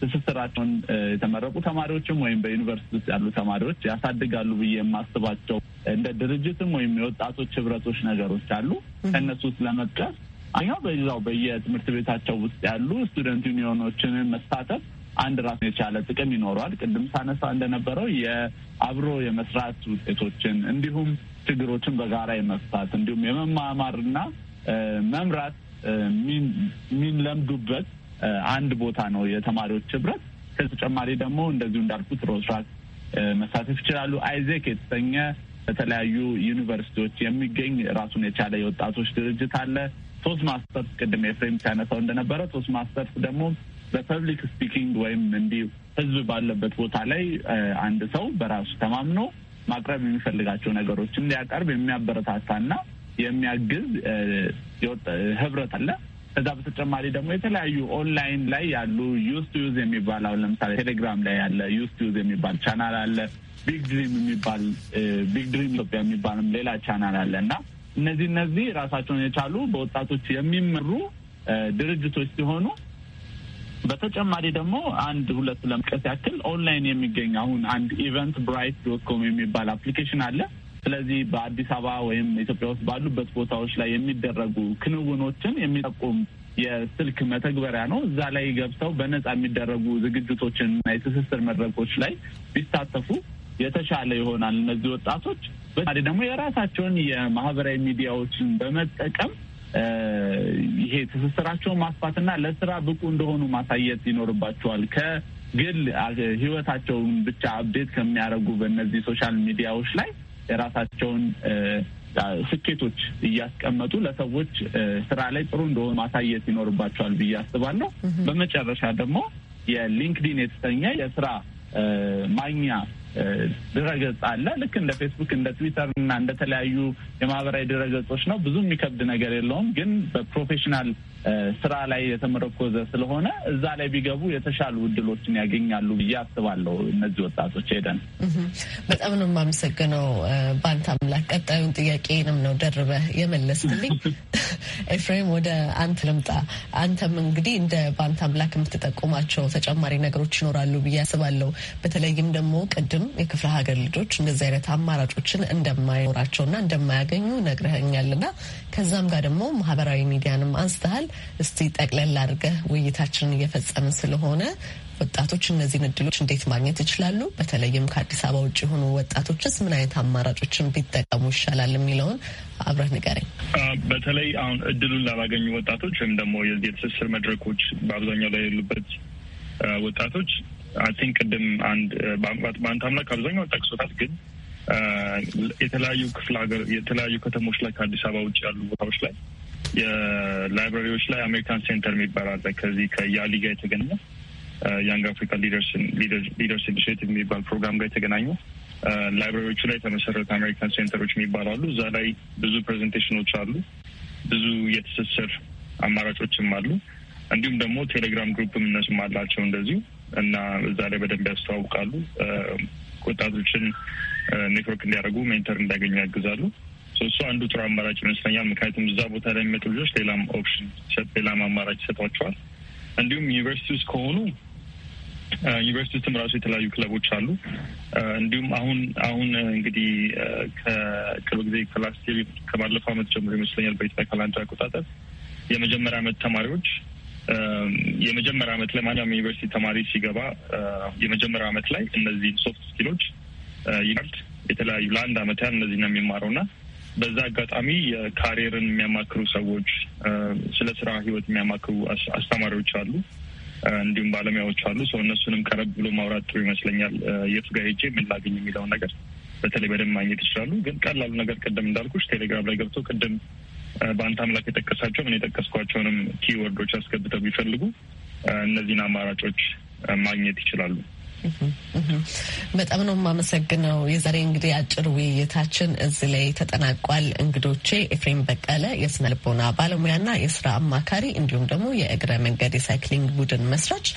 ትስስራቸውን የተመረቁ ተማሪዎችም ወይም በዩኒቨርሲቲ ውስጥ ያሉ ተማሪዎች ያሳድጋሉ ብዬ የማስባቸው እንደ ድርጅትም ወይም የወጣቶች ህብረቶች ነገሮች አሉ። ከእነሱ ውስጥ ለመጥቀስ አኛው በዛው በየትምህርት ቤታቸው ውስጥ ያሉ ስቱደንት ዩኒዮኖችን መሳተፍ አንድ ራሱን የቻለ ጥቅም ይኖረዋል። ቅድም ሳነሳ እንደነበረው የአብሮ የመስራት ውጤቶችን እንዲሁም ችግሮችን በጋራ የመፍታት እንዲሁም የመማማርና መምራት የሚንለምዱበት አንድ ቦታ ነው የተማሪዎች ህብረት። ከተጨማሪ ደግሞ እንደዚሁ እንዳልኩት ሮስራክ መሳተፍ ይችላሉ። አይዜክ የተሰኘ በተለያዩ ዩኒቨርሲቲዎች የሚገኝ ራሱን የቻለ የወጣቶች ድርጅት አለ። ሶስት ማስተርስ ቅድም የፍሬም ሲያነሳው እንደነበረ ሶስት ማስተርስ ደግሞ በፐብሊክ ስፒኪንግ ወይም እንዲህ ህዝብ ባለበት ቦታ ላይ አንድ ሰው በራሱ ተማምኖ ማቅረብ የሚፈልጋቸው ነገሮች እንዲያቀርብ የሚያበረታታና የሚያግዝ ህብረት አለ። ከዛ በተጨማሪ ደግሞ የተለያዩ ኦንላይን ላይ ያሉ ዩዝ ቱ ዩዝ የሚባል አሁን ለምሳሌ ቴሌግራም ላይ ያለ ዩዝ ቱ ዩዝ የሚባል ቻናል አለ። ቢግ ድሪም የሚባል ቢግ ድሪም ኢትዮጵያ የሚባልም ሌላ ቻናል አለ እና እነዚህ እነዚህ ራሳቸውን የቻሉ በወጣቶች የሚመሩ ድርጅቶች ሲሆኑ በተጨማሪ ደግሞ አንድ ሁለት ለመጥቀስ ያክል ኦንላይን የሚገኝ አሁን አንድ ኢቨንት ብራይት ዶት ኮም የሚባል አፕሊኬሽን አለ። ስለዚህ በአዲስ አበባ ወይም ኢትዮጵያ ውስጥ ባሉበት ቦታዎች ላይ የሚደረጉ ክንውኖችን የሚጠቁም የስልክ መተግበሪያ ነው። እዛ ላይ ገብተው በነጻ የሚደረጉ ዝግጅቶችን እና የትስስር መድረኮች ላይ ቢሳተፉ የተሻለ ይሆናል። እነዚህ ወጣቶች በተጨማሪ ደግሞ የራሳቸውን የማህበራዊ ሚዲያዎችን በመጠቀም ይሄ ትስስራቸውን ማስፋትና ለስራ ብቁ እንደሆኑ ማሳየት ይኖርባቸዋል። ከግል ህይወታቸውን ብቻ አብዴት ከሚያደርጉ በእነዚህ ሶሻል ሚዲያዎች ላይ የራሳቸውን ስኬቶች እያስቀመጡ ለሰዎች ስራ ላይ ጥሩ እንደሆኑ ማሳየት ይኖርባቸዋል ብዬ አስባለሁ። በመጨረሻ ደግሞ የሊንክዲን የተሰኘ የስራ ማኛ ድረገጽ አለ። ልክ እንደ ፌስቡክ፣ እንደ ትዊተር እና እንደተለያዩ የማህበራዊ ድረገጾች ነው። ብዙ የሚከብድ ነገር የለውም። ግን በፕሮፌሽናል ስራ ላይ የተመረኮዘ ስለሆነ እዛ ላይ ቢገቡ የተሻሉ እድሎችን ያገኛሉ ብዬ አስባለሁ። እነዚህ ወጣቶች ሄደን በጣም ነው የማመሰግነው። በአንተ አምላክ ቀጣዩን ጥያቄንም ነው ደርበህ የመለስልኝ። ኤፍሬም ወደ አንተ ልምጣ። አንተም እንግዲህ እንደ በአንተ አምላክ የምትጠቁማቸው ተጨማሪ ነገሮች ይኖራሉ ብዬ አስባለሁ። በተለይም ደግሞ ቅድም የክፍለ ሀገር ልጆች እንደዚህ አይነት አማራጮችን እንደማይኖራቸውና እንደማያገኙ ነግረኸኛልና ከዛም ጋር ደግሞ ማህበራዊ ሚዲያንም አንስተሃል። እስቲ ጠቅለል አድርገህ ውይይታችንን እየፈጸምን ስለሆነ ወጣቶች እነዚህን እድሎች እንዴት ማግኘት ይችላሉ? በተለይም ከአዲስ አበባ ውጭ የሆኑ ወጣቶችስ ምን አይነት አማራጮችን ቢጠቀሙ ይሻላል የሚለውን አብረህ ንገረኝ። በተለይ አሁን እድሉን ላላገኙ ወጣቶች ወይም ደግሞ የዚህ የትስስር መድረኮች በአብዛኛው ላይ የሌሉበት ወጣቶች አይ ቲንክ ቅድም አንድ በአንድ አምላክ አብዛኛው ጠቅሶታት፣ ግን የተለያዩ ክፍለ ሀገር የተለያዩ ከተሞች ላይ ከአዲስ አበባ ውጭ ያሉ ቦታዎች ላይ የላይብራሪዎች ላይ አሜሪካን ሴንተር የሚባል አለ ከዚህ ከያሊ ጋር የተገኘ ያንግ አፍሪካ ሊደርስ ኢኒሽቲቭ የሚባል ፕሮግራም ጋር የተገናኘ ላይብራሪዎቹ ላይ የተመሰረተ አሜሪካን ሴንተሮች የሚባሉ አሉ። እዛ ላይ ብዙ ፕሬዘንቴሽኖች አሉ። ብዙ የትስስር አማራጮችም አሉ። እንዲሁም ደግሞ ቴሌግራም ግሩፕም እነሱም አላቸው እንደዚሁ እና እዛ ላይ በደንብ ያስተዋውቃሉ። ወጣቶችን ኔትወርክ እንዲያደርጉ ሜንተር እንዳገኙ ያግዛሉ። እሱ አንዱ ጥሩ አማራጭ ይመስለኛል። ምክንያቱም እዛ ቦታ ላይ የሚመጡ ልጆች ሌላም ኦፕሽን ይሰጥ ሌላም አማራጭ ይሰጧቸዋል። እንዲሁም ዩኒቨርሲቲ ውስጥ ከሆኑ ዩኒቨርሲቲ ውስጥም ራሱ የተለያዩ ክለቦች አሉ። እንዲሁም አሁን አሁን እንግዲህ ከቅርብ ጊዜ ከላስት ከባለፈው አመት ጀምሮ ይመስለኛል በኢትዮጵያ ካላንደር አቆጣጠር የመጀመሪያ አመት ተማሪዎች የመጀመሪያ አመት ላይ ማንኛውም ዩኒቨርሲቲ ተማሪ ሲገባ የመጀመሪያ አመት ላይ እነዚህ ሶፍት ስኪሎች ይናልድ የተለያዩ ለአንድ አመት ያህል እነዚህ ነው የሚማረው ና በዛ አጋጣሚ የካሪየርን የሚያማክሩ ሰዎች፣ ስለ ስራ ህይወት የሚያማክሩ አስተማሪዎች አሉ፣ እንዲሁም ባለሙያዎች አሉ። ሰው እነሱንም ቀረብ ብሎ ማውራት ጥሩ ይመስለኛል። የቱ ጋር ሄጄ ምን ላገኝ የሚለውን ነገር በተለይ በደንብ ማግኘት ይችላሉ። ግን ቀላሉ ነገር ቅድም እንዳልኩች ቴሌግራም ላይ ገብቶ ቅድም በአንተ አምላክ የጠቀሳቸው ምን የጠቀስኳቸውንም ኪወርዶች አስገብተው ቢፈልጉ እነዚህን አማራጮች ማግኘት ይችላሉ። በጣም ነው የማመሰግነው። የዛሬ እንግዲህ አጭር ውይይታችን እዚህ ላይ ተጠናቋል። እንግዶቼ ኤፍሬም በቀለ የስነ ልቦና ባለሙያና የስራ አማካሪ እንዲሁም ደግሞ የእግረ መንገድ የሳይክሊንግ ቡድን መስራች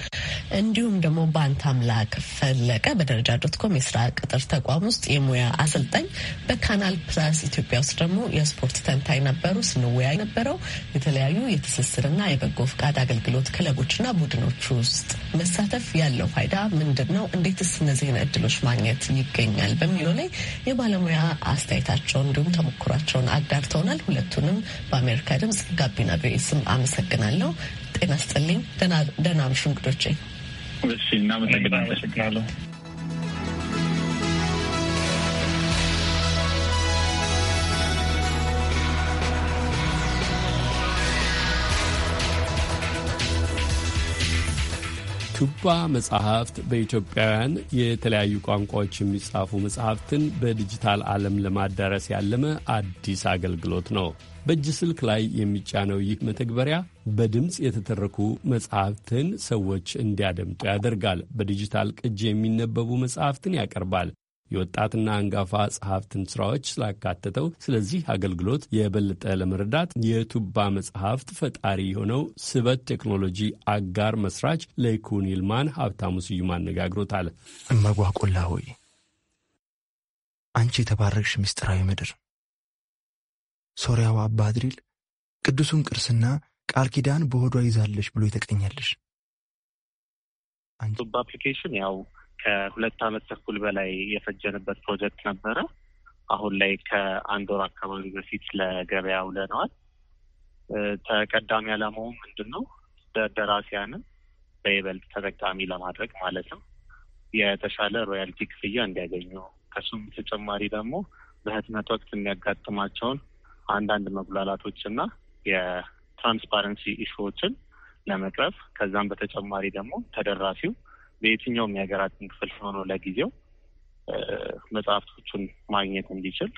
እንዲሁም ደግሞ በአንተ አምላክ ፈለቀ በደረጃ ዶት ኮም የስራ ቅጥር ተቋም ውስጥ የሙያ አሰልጣኝ፣ በካናል ፕላስ ኢትዮጵያ ውስጥ ደግሞ የስፖርት ተንታኝ ነበሩ። ስንወያይ ነበረው የተለያዩ የትስስርና የበጎ ፍቃድ አገልግሎት ክለቦችና ቡድኖች ውስጥ መሳተፍ ያለው ፋይዳ ምንድን ነው? እንዴትስ እነዚህን እድሎች ማግኘት ይገኛል? በሚለው ላይ የባለሙያ አስተያየታቸውን እንዲሁም ተሞክሯቸውን አጋርተውናል። ሁለቱንም በአሜሪካ ድምጽ ጋቢና ቪኦኤ ስም አመሰግናለሁ። ጤና ስጥልኝ። ደህና ምሹ እንግዶቼ። እሺ፣ እናመሰግናለሁ። ክባ መጽሐፍት በኢትዮጵያውያን የተለያዩ ቋንቋዎች የሚጻፉ መጽሐፍትን በዲጂታል ዓለም ለማዳረስ ያለመ አዲስ አገልግሎት ነው። በእጅ ስልክ ላይ የሚጫነው ይህ መተግበሪያ በድምፅ የተተረኩ መጽሐፍትን ሰዎች እንዲያደምጡ ያደርጋል። በዲጂታል ቅጅ የሚነበቡ መጽሐፍትን ያቀርባል። የወጣትና አንጋፋ ጸሐፍትን ስራዎች ስላካተተው ስለዚህ አገልግሎት የበለጠ ለመረዳት የቱባ መጽሐፍት ፈጣሪ የሆነው ስበት ቴክኖሎጂ አጋር መስራች ለይኩን ይልማን ሀብታሙ ስዩም አነጋግሮታል። እመጓቆላ ሆይ አንቺ የተባረክሽ ምስጢራዊ ምድር ሶርያዋ አባ አድሪል ቅዱሱን ቅርስና ቃል ኪዳን በሆዷ ይዛለሽ ብሎ የተቀኘልሽ ቱባ አፕሊኬሽን ያው ከሁለት ዓመት ተኩል በላይ የፈጀንበት ፕሮጀክት ነበረ። አሁን ላይ ከአንድ ወር አካባቢ በፊት ለገበያ ውለነዋል። ተቀዳሚ አላማውም ምንድን ነው? ደራሲያንን በይበልጥ ተጠቃሚ ለማድረግ ማለት ነው። የተሻለ ሮያልቲ ክፍያ እንዲያገኙ ከሱም ተጨማሪ ደግሞ በህትመት ወቅት የሚያጋጥማቸውን አንዳንድ መጉላላቶች እና የትራንስፓረንሲ ኢሹዎችን ለመቅረፍ ከዛም በተጨማሪ ደግሞ ተደራሲው በየትኛውም የሀገራችን ክፍል ሆኖ ለጊዜው መጽሐፍቶቹን ማግኘት እንዲችል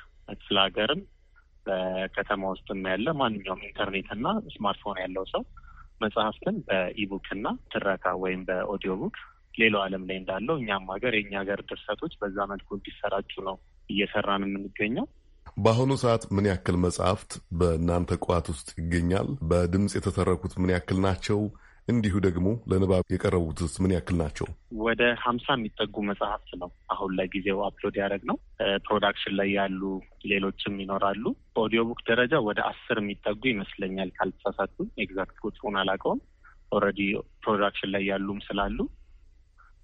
ስለ ሀገርም በከተማ ውስጥም ያለ ማንኛውም ኢንተርኔትና ስማርትፎን ያለው ሰው መጽሐፍትን በኢቡክና ትረካ ወይም በኦዲዮ ቡክ ሌላው ዓለም ላይ እንዳለው እኛም ሀገር የእኛ ሀገር ድርሰቶች በዛ መልኩ እንዲሰራጩ ነው እየሰራን የምንገኘው። በአሁኑ ሰዓት ምን ያክል መጽሐፍት በእናንተ ቋት ውስጥ ይገኛል? በድምፅ የተተረኩት ምን ያክል ናቸው? እንዲሁ ደግሞ ለንባብ የቀረቡትስ ምን ያክል ናቸው? ወደ ሀምሳ የሚጠጉ መጽሐፍት ነው አሁን ለጊዜው አፕሎድ ያደረግ ነው። ፕሮዳክሽን ላይ ያሉ ሌሎችም ይኖራሉ። በኦዲዮ ቡክ ደረጃ ወደ አስር የሚጠጉ ይመስለኛል ካልተሳሳቱ፣ ኤግዛክት ቁጥሩን አላውቀውም። ኦልሬዲ ፕሮዳክሽን ላይ ያሉም ስላሉ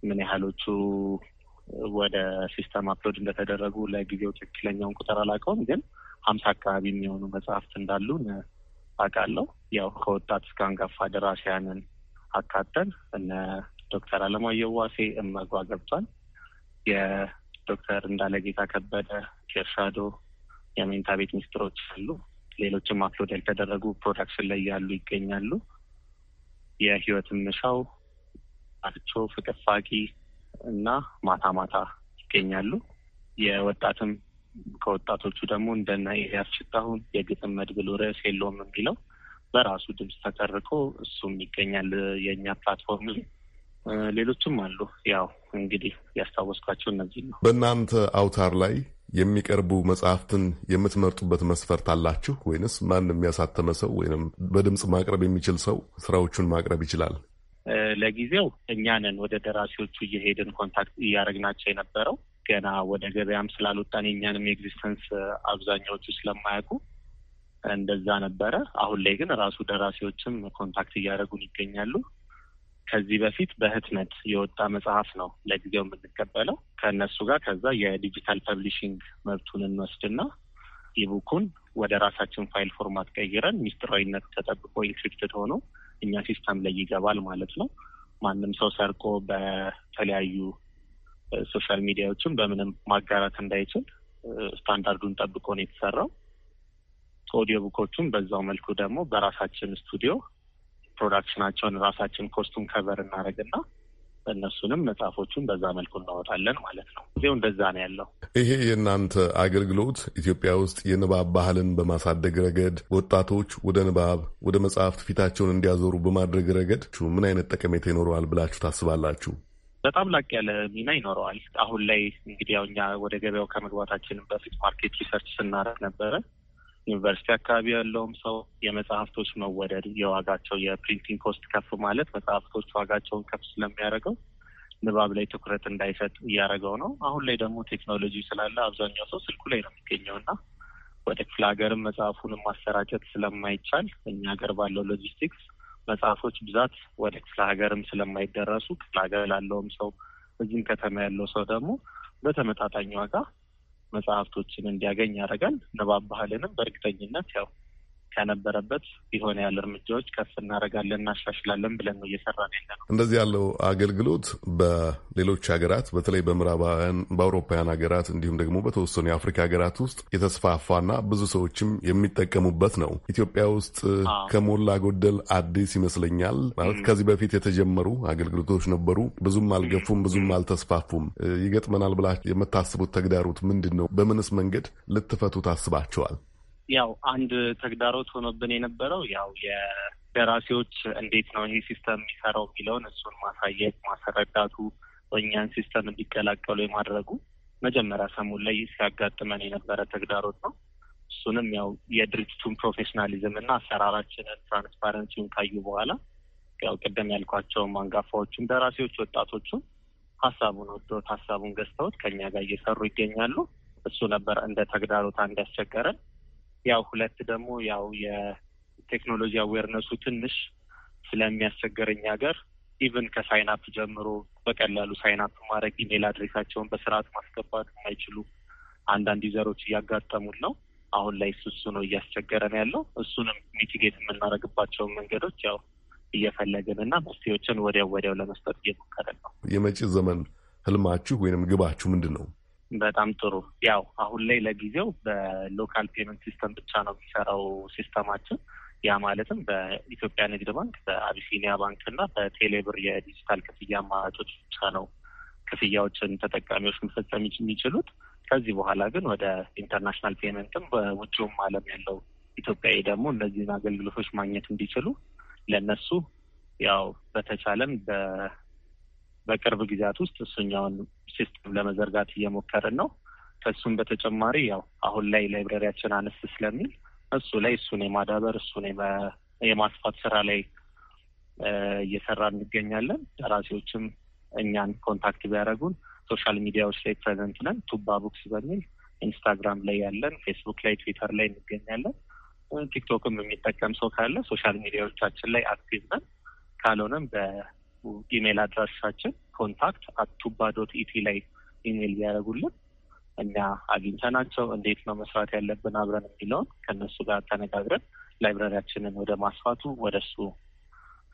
ምን ያህሎቹ ወደ ሲስተም አፕሎድ እንደተደረጉ ለጊዜው ትክክለኛውን ቁጥር አላውቀውም፣ ግን ሀምሳ አካባቢ የሚሆኑ መጽሐፍት እንዳሉ አውቃለሁ። ያው ከወጣት እስከ አንጋፋ ደራሲያንን አካተን እነ ዶክተር አለማየሁ ዋሴ እመጓ ገብቷል። የዶክተር እንዳለጌታ ከበደ ጀርሻዶ የመኝታ ቤት ሚስጥሮች አሉ። ሌሎችም አፕሎድ ያልተደረጉ ፕሮዳክሽን ላይ ያሉ ይገኛሉ። የህይወት ምሻው አርቾ ፍቅር ፋቂ እና ማታ ማታ ይገኛሉ። የወጣትም ከወጣቶቹ ደግሞ እንደና ኤልያስ ሽታሁን የግጥም መድብል ርዕስ የለውም የሚለው በራሱ ድምፅ ተቀርቆ እሱም ይገኛል የእኛ ፕላትፎርም ሌሎችም አሉ። ያው እንግዲህ ያስታወስኳቸው እነዚህ ነው። በእናንተ አውታር ላይ የሚቀርቡ መጽሐፍትን የምትመርጡበት መስፈርት አላችሁ ወይንስ ማንም የሚያሳተመ ሰው ወይም በድምፅ ማቅረብ የሚችል ሰው ስራዎቹን ማቅረብ ይችላል? ለጊዜው እኛንን ወደ ደራሲዎቹ እየሄድን ኮንታክት እያደረግናቸው የነበረው ገና ወደ ገበያም ስላልወጣን የእኛንም ኤግዚስተንስ አብዛኛዎቹ ስለማያውቁ እንደዛ ነበረ። አሁን ላይ ግን ራሱ ደራሲዎችም ኮንታክት እያደረጉን ይገኛሉ። ከዚህ በፊት በህትመት የወጣ መጽሐፍ ነው ለጊዜው የምንቀበለው ከእነሱ ጋር። ከዛ የዲጂታል ፐብሊሽንግ መብቱን እንወስድና ኢቡኩን ወደ ራሳችን ፋይል ፎርማት ቀይረን ሚስጥራዊነት ተጠብቆ ኢንክሪፕትድ ሆኖ እኛ ሲስተም ላይ ይገባል ማለት ነው። ማንም ሰው ሰርቆ በተለያዩ ሶሻል ሚዲያዎችን በምንም ማጋራት እንዳይችል ስታንዳርዱን ጠብቆ ነው የተሰራው። ኦዲዮ ቡኮቹን በዛው መልኩ ደግሞ በራሳችን ስቱዲዮ ፕሮዳክሽናቸውን ራሳችን ኮስቱም ከቨር እናደርግና እነሱንም መጽሐፎቹን በዛ መልኩ እናወጣለን ማለት ነው። ጊዜው እንደዛ ነው ያለው። ይሄ የእናንተ አገልግሎት ኢትዮጵያ ውስጥ የንባብ ባህልን በማሳደግ ረገድ፣ ወጣቶች ወደ ንባብ ወደ መጽሐፍት ፊታቸውን እንዲያዞሩ በማድረግ ረገድ ምን አይነት ጠቀሜታ ይኖረዋል ብላችሁ ታስባላችሁ? በጣም ላቅ ያለ ሚና ይኖረዋል። አሁን ላይ እንግዲህ ያው እኛ ወደ ገበያው ከመግባታችንም በፊት ማርኬት ሪሰርች ስናረግ ነበረ ዩኒቨርሲቲ አካባቢ ያለውም ሰው የመጽሐፍቶች መወደድ፣ የዋጋቸው የፕሪንቲንግ ኮስት ከፍ ማለት መጽሐፍቶች ዋጋቸውን ከፍ ስለሚያደርገው ንባብ ላይ ትኩረት እንዳይሰጥ እያደረገው ነው። አሁን ላይ ደግሞ ቴክኖሎጂ ስላለ አብዛኛው ሰው ስልኩ ላይ ነው የሚገኘው እና ወደ ክፍለ ሀገርም መጽሐፉንም ማሰራጨት ስለማይቻል እኛ ሀገር ባለው ሎጂስቲክስ መጽሐፎች ብዛት ወደ ክፍለ ሀገርም ስለማይደረሱ ክፍለ ሀገር ላለውም ሰው እዚህም ከተማ ያለው ሰው ደግሞ በተመጣጣኝ ዋጋ መጽሐፍቶችን እንዲያገኝ ያደርጋል። ንባብ ባህልንም በእርግጠኝነት ያው ከነበረበት የሆነ ያለ እርምጃዎች ከፍ እናደርጋለን እናሻሽላለን ብለን ነው እየሰራ ያለ ነው። እንደዚህ ያለው አገልግሎት በሌሎች ሀገራት በተለይ በምዕራባውያን በአውሮፓውያን ሀገራት እንዲሁም ደግሞ በተወሰኑ የአፍሪካ ሀገራት ውስጥ የተስፋፋና ብዙ ሰዎችም የሚጠቀሙበት ነው። ኢትዮጵያ ውስጥ ከሞላ ጎደል አዲስ ይመስለኛል። ማለት ከዚህ በፊት የተጀመሩ አገልግሎቶች ነበሩ፣ ብዙም አልገፉም፣ ብዙም አልተስፋፉም። ይገጥመናል ብላ የምታስቡት ተግዳሮት ምንድን ነው? በምንስ መንገድ ልትፈቱ ታስባቸዋል? ያው አንድ ተግዳሮት ሆኖብን የነበረው ያው የደራሲዎች እንዴት ነው ይሄ ሲስተም የሚሰራው የሚለውን እሱን ማሳየት ማስረዳቱ፣ ወእኛን ሲስተም እንዲቀላቀሉ የማድረጉ መጀመሪያ ሰሙን ላይ ሲያጋጥመን የነበረ ተግዳሮት ነው። እሱንም ያው የድርጅቱን ፕሮፌሽናሊዝም እና አሰራራችንን ትራንስፓረንሲውን ካዩ በኋላ ያው ቅድም ያልኳቸውም አንጋፋዎቹም ደራሲዎች ወጣቶቹም ሀሳቡን ወዶት ሀሳቡን ገዝተውት ከኛ ጋር እየሰሩ ይገኛሉ። እሱ ነበር እንደ ተግዳሮት አንድ ያስቸገረን። ያው ሁለት ደግሞ ያው የቴክኖሎጂ አዌርነሱ ትንሽ ስለሚያስቸግረኝ ሀገር ኢቨን ከሳይናፕ ጀምሮ በቀላሉ ሳይናፕ ማድረግ ኢሜል አድሬሳቸውን በስርዓት ማስገባት የማይችሉ አንዳንድ ዩዘሮች እያጋጠሙን ነው። አሁን ላይ እሱ እሱ ነው እያስቸገረን ያለው። እሱንም ሚቲጌት የምናደርግባቸውን መንገዶች ያው እየፈለግን እና መፍትሄዎችን ወዲያው ወዲያው ለመስጠት እየሞከረን ነው። የመጪ ዘመን ህልማችሁ ወይንም ግባችሁ ምንድን ነው? በጣም ጥሩ። ያው አሁን ላይ ለጊዜው በሎካል ፔመንት ሲስተም ብቻ ነው የሚሰራው ሲስተማችን። ያ ማለትም በኢትዮጵያ ንግድ ባንክ፣ በአቢሲኒያ ባንክ እና በቴሌብር የዲጂታል ክፍያ አማራጮች ብቻ ነው ክፍያዎችን ተጠቃሚዎች መፈጸም የሚችሉት። ከዚህ በኋላ ግን ወደ ኢንተርናሽናል ፔመንትም በውጭውም አለም ያለው ኢትዮጵያዊ ደግሞ እነዚህን አገልግሎቶች ማግኘት እንዲችሉ ለእነሱ ያው በተቻለም በቅርብ ጊዜያት ውስጥ እሱኛውን ሲስተም ለመዘርጋት እየሞከርን ነው። ከእሱም በተጨማሪ ያው አሁን ላይ ላይብረሪያችን አነስ ስለሚል እሱ ላይ እሱን የማዳበር እሱን የማስፋት ስራ ላይ እየሰራ እንገኛለን። ደራሲዎችም እኛን ኮንታክት ቢያደረጉን ሶሻል ሚዲያዎች ላይ ፕሬዘንት ነን። ቱባ ቡክስ በሚል ኢንስታግራም ላይ ያለን፣ ፌስቡክ ላይ፣ ትዊተር ላይ እንገኛለን። ቲክቶክም የሚጠቀም ሰው ካለ ሶሻል ሚዲያዎቻችን ላይ አክቲቭ ነን። ካልሆነም ኢሜል አድራሻችን ኮንታክት አት ቱባ ዶት ኢቲ ላይ ኢሜል ቢያደርጉልን እኛ አግኝተናቸው እንዴት ነው መስራት ያለብን አብረን የሚለውን ከእነሱ ጋር ተነጋግረን ላይብራሪያችንን ወደ ማስፋቱ ወደ እሱ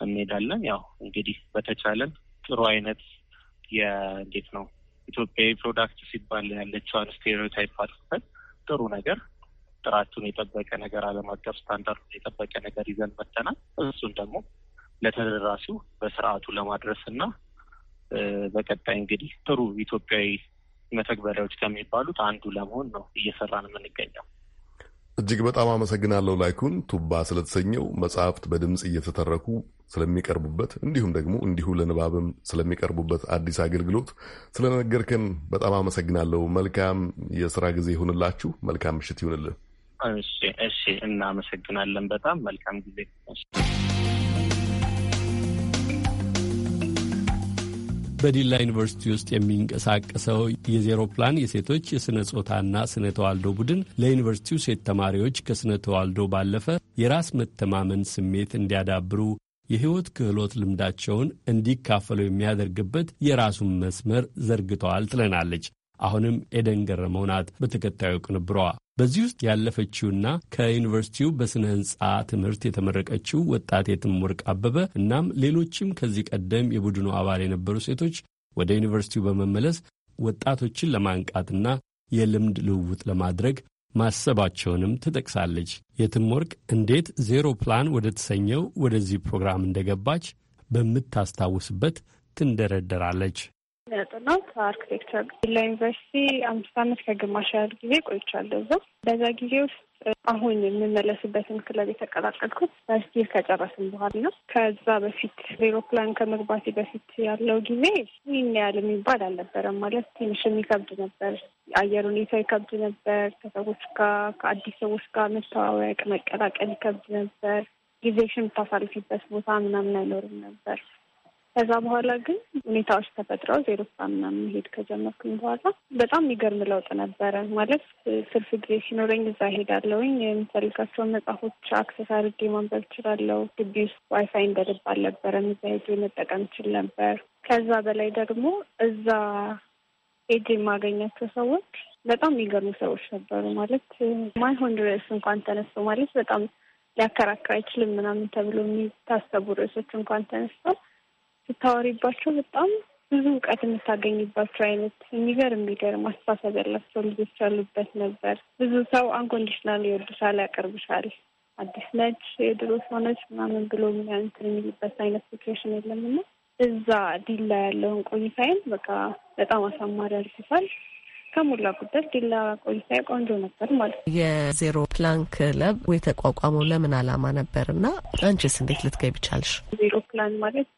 እንሄዳለን። ያው እንግዲህ በተቻለን ጥሩ አይነት የእንዴት ነው ኢትዮጵያዊ ፕሮዳክት ሲባል ያለችዋን ስቴሪዮታይፕ አጥፍተን ጥሩ ነገር ጥራቱን የጠበቀ ነገር ዓለም አቀፍ ስታንዳርዱን የጠበቀ ነገር ይዘን መተናል። እሱን ደግሞ ለተደራሲው በስርዓቱ ለማድረስ እና በቀጣይ እንግዲህ ጥሩ ኢትዮጵያዊ መተግበሪያዎች ከሚባሉት አንዱ ለመሆን ነው እየሰራን የምንገኘው። እጅግ በጣም አመሰግናለሁ። ላይኩን ቱባ ስለተሰኘው መጽሐፍት በድምፅ እየተተረኩ ስለሚቀርቡበት እንዲሁም ደግሞ እንዲሁ ለንባብም ስለሚቀርቡበት አዲስ አገልግሎት ስለነገርከን በጣም አመሰግናለሁ። መልካም የስራ ጊዜ ይሁንላችሁ። መልካም ምሽት ይሁንልን። እሺ፣ እሺ። እናመሰግናለን። በጣም መልካም ጊዜ በዲላ ዩኒቨርሲቲ ውስጥ የሚንቀሳቀሰው የዜሮፕላን የሴቶች የሥነ ጾታና ሥነ ተዋልዶ ቡድን ለዩኒቨርሲቲው ሴት ተማሪዎች ከሥነ ተዋልዶ ባለፈ የራስ መተማመን ስሜት እንዲያዳብሩ የሕይወት ክህሎት ልምዳቸውን እንዲካፈሉ የሚያደርግበት የራሱን መስመር ዘርግተዋል ትለናለች። አሁንም ኤደን ገረመው ናት በተከታዩ ቅንብሯ። በዚህ ውስጥ ያለፈችውና ከዩኒቨርሲቲው በሥነ ሕንፃ ትምህርት የተመረቀችው ወጣት የትም ወርቅ አበበ እናም ሌሎችም ከዚህ ቀደም የቡድኑ አባል የነበሩ ሴቶች ወደ ዩኒቨርሲቲው በመመለስ ወጣቶችን ለማንቃትና የልምድ ልውውጥ ለማድረግ ማሰባቸውንም ትጠቅሳለች። የትም ወርቅ እንዴት ዜሮ ፕላን ወደ ተሰኘው ወደዚህ ፕሮግራም እንደገባች በምታስታውስበት ትንደረደራለች። ጥናት አርክቴክቸር ለዩኒቨርሲቲ አምስት አመት ከግማሽ ያህል ጊዜ ቆይቻለሁ። እዛ በዛ ጊዜ ውስጥ አሁን የምመለስበትን ክለብ የተቀላቀልኩት ስቲል ከጨረስን በኋላ ነው። ከዛ በፊት ኤሮፕላን ከመግባቴ በፊት ያለው ጊዜ ይህን ያህል የሚባል አልነበረም። ማለት ትንሽ የሚከብድ ነበር። አየር ሁኔታ ይከብድ ነበር። ከሰዎች ጋር ከአዲስ ሰዎች ጋር መተዋወቅ፣ መቀላቀል ይከብድ ነበር። ጊዜሽን የምታሳልፊበት ቦታ ምናምን አይኖርም ነበር። ከዛ በኋላ ግን ሁኔታዎች ተፈጥረው ዜሮ ምናምን መሄድ ከጀመርኩኝ በኋላ በጣም የሚገርም ለውጥ ነበረ። ማለት ስልፍ ጊዜ ሲኖረኝ እዛ ሄዳለውኝ። የምፈልጋቸውን መጽሐፎች አክሰስ አድርጌ ማንበብ እችላለሁ። ግቢ ውስጥ ዋይፋይ እንደልብ አልነበረም። እዛ ሄጄ መጠቀም እችል ነበር። ከዛ በላይ ደግሞ እዛ ሄጄ የማገኛቸው ሰዎች በጣም የሚገርሙ ሰዎች ነበሩ። ማለት ማይሆን ርዕስ እንኳን ተነስቶ ማለት በጣም ሊያከራክር አይችልም ምናምን ተብሎ የሚታሰቡ ርዕሶች እንኳን ተነስተው ስታወሪባቸው በጣም ብዙ እውቀት የምታገኝባቸው አይነት የሚገርም የሚገርም አስተሳሰብ ያላቸው ልጆች ያሉበት ነበር። ብዙ ሰው አንኮንዲሽናል ይወድሻል፣ ያቀርብሻል አዲስ ነች የድሮ ሰው ነች ምናምን ብሎ እንትን የሚልበት አይነት ሲትዌሽን የለምና እዛ ዲላ ያለውን ቆይታዬን በቃ በጣም አሳማሪ አድርጎታል። ከሞላ ጎደል ዲላ ቆይታ ቆንጆ ነበር ማለት ነው። የዜሮ ፕላን ክለብ የተቋቋመው ለምን አላማ ነበር እና አንቺስ እንዴት ልትገቢ ቻልሽ? ዜሮ ፕላን ማለት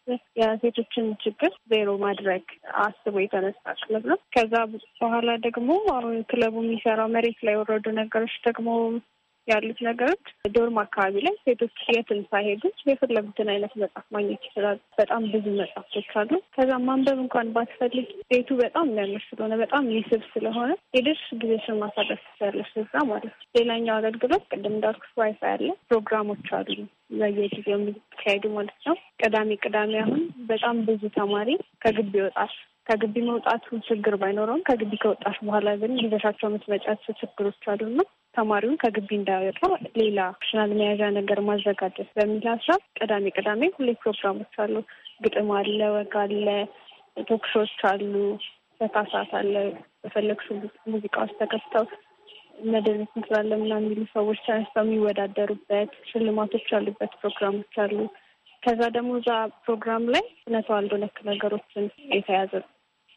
የሴቶችን ችግር ዜሮ ማድረግ አስቦ የተነሳ ክለብ ነው። ከዛ በኋላ ደግሞ አሁን ክለቡ የሚሰራው መሬት ላይ የወረዱ ነገሮች ደግሞ ያሉት ነገሮች ዶርም አካባቢ ላይ ሴቶች የትም ሳይሄዱ የፈለጉትን አይነት መጽሐፍ ማግኘት ይችላሉ። በጣም ብዙ መጽሐፍቶች አሉ። ከዛ ማንበብ እንኳን ባትፈልግ ቤቱ በጣም የሚያምር ስለሆነ በጣም ይስብ ስለሆነ የደርስ ጊዜሽን ማሳለፍ ትችላለሽ እዛ ማለት ነው። ሌላኛው አገልግሎት ቅድም እንዳልኩት ዋይፋይ አለ፣ ፕሮግራሞች አሉ በየጊዜው የሚካሄዱ ማለት ነው። ቅዳሜ ቅዳሜ አሁን በጣም ብዙ ተማሪ ከግቢ ይወጣል። ከግቢ መውጣቱ ችግር ባይኖረውም ከግቢ ከወጣሽ በኋላ ግን ጊዜሻቸው የምትመጫቸው ችግሮች አሉና ተማሪውን ከግቢ እንዳያወጣ ሌላ ሽናል መያዣ ነገር ማዘጋጀት በሚል ሀሳብ ቅዳሜ ቅዳሜ ሁለት ፕሮግራሞች አሉ። ግጥም አለ፣ ወግ አለ፣ ቶክሾች አሉ፣ በካሳት አለ። በፈለግሹ ሙዚቃዎች ተከፍተው መደነት እንችላለን ምና የሚሉ ሰዎች ተነስተው የሚወዳደሩበት ሽልማቶች ያሉበት ፕሮግራሞች አሉ። ከዛ ደግሞ እዛ ፕሮግራም ላይ ስነ ተዋልዶ ነክ ነገሮችን የተያዘ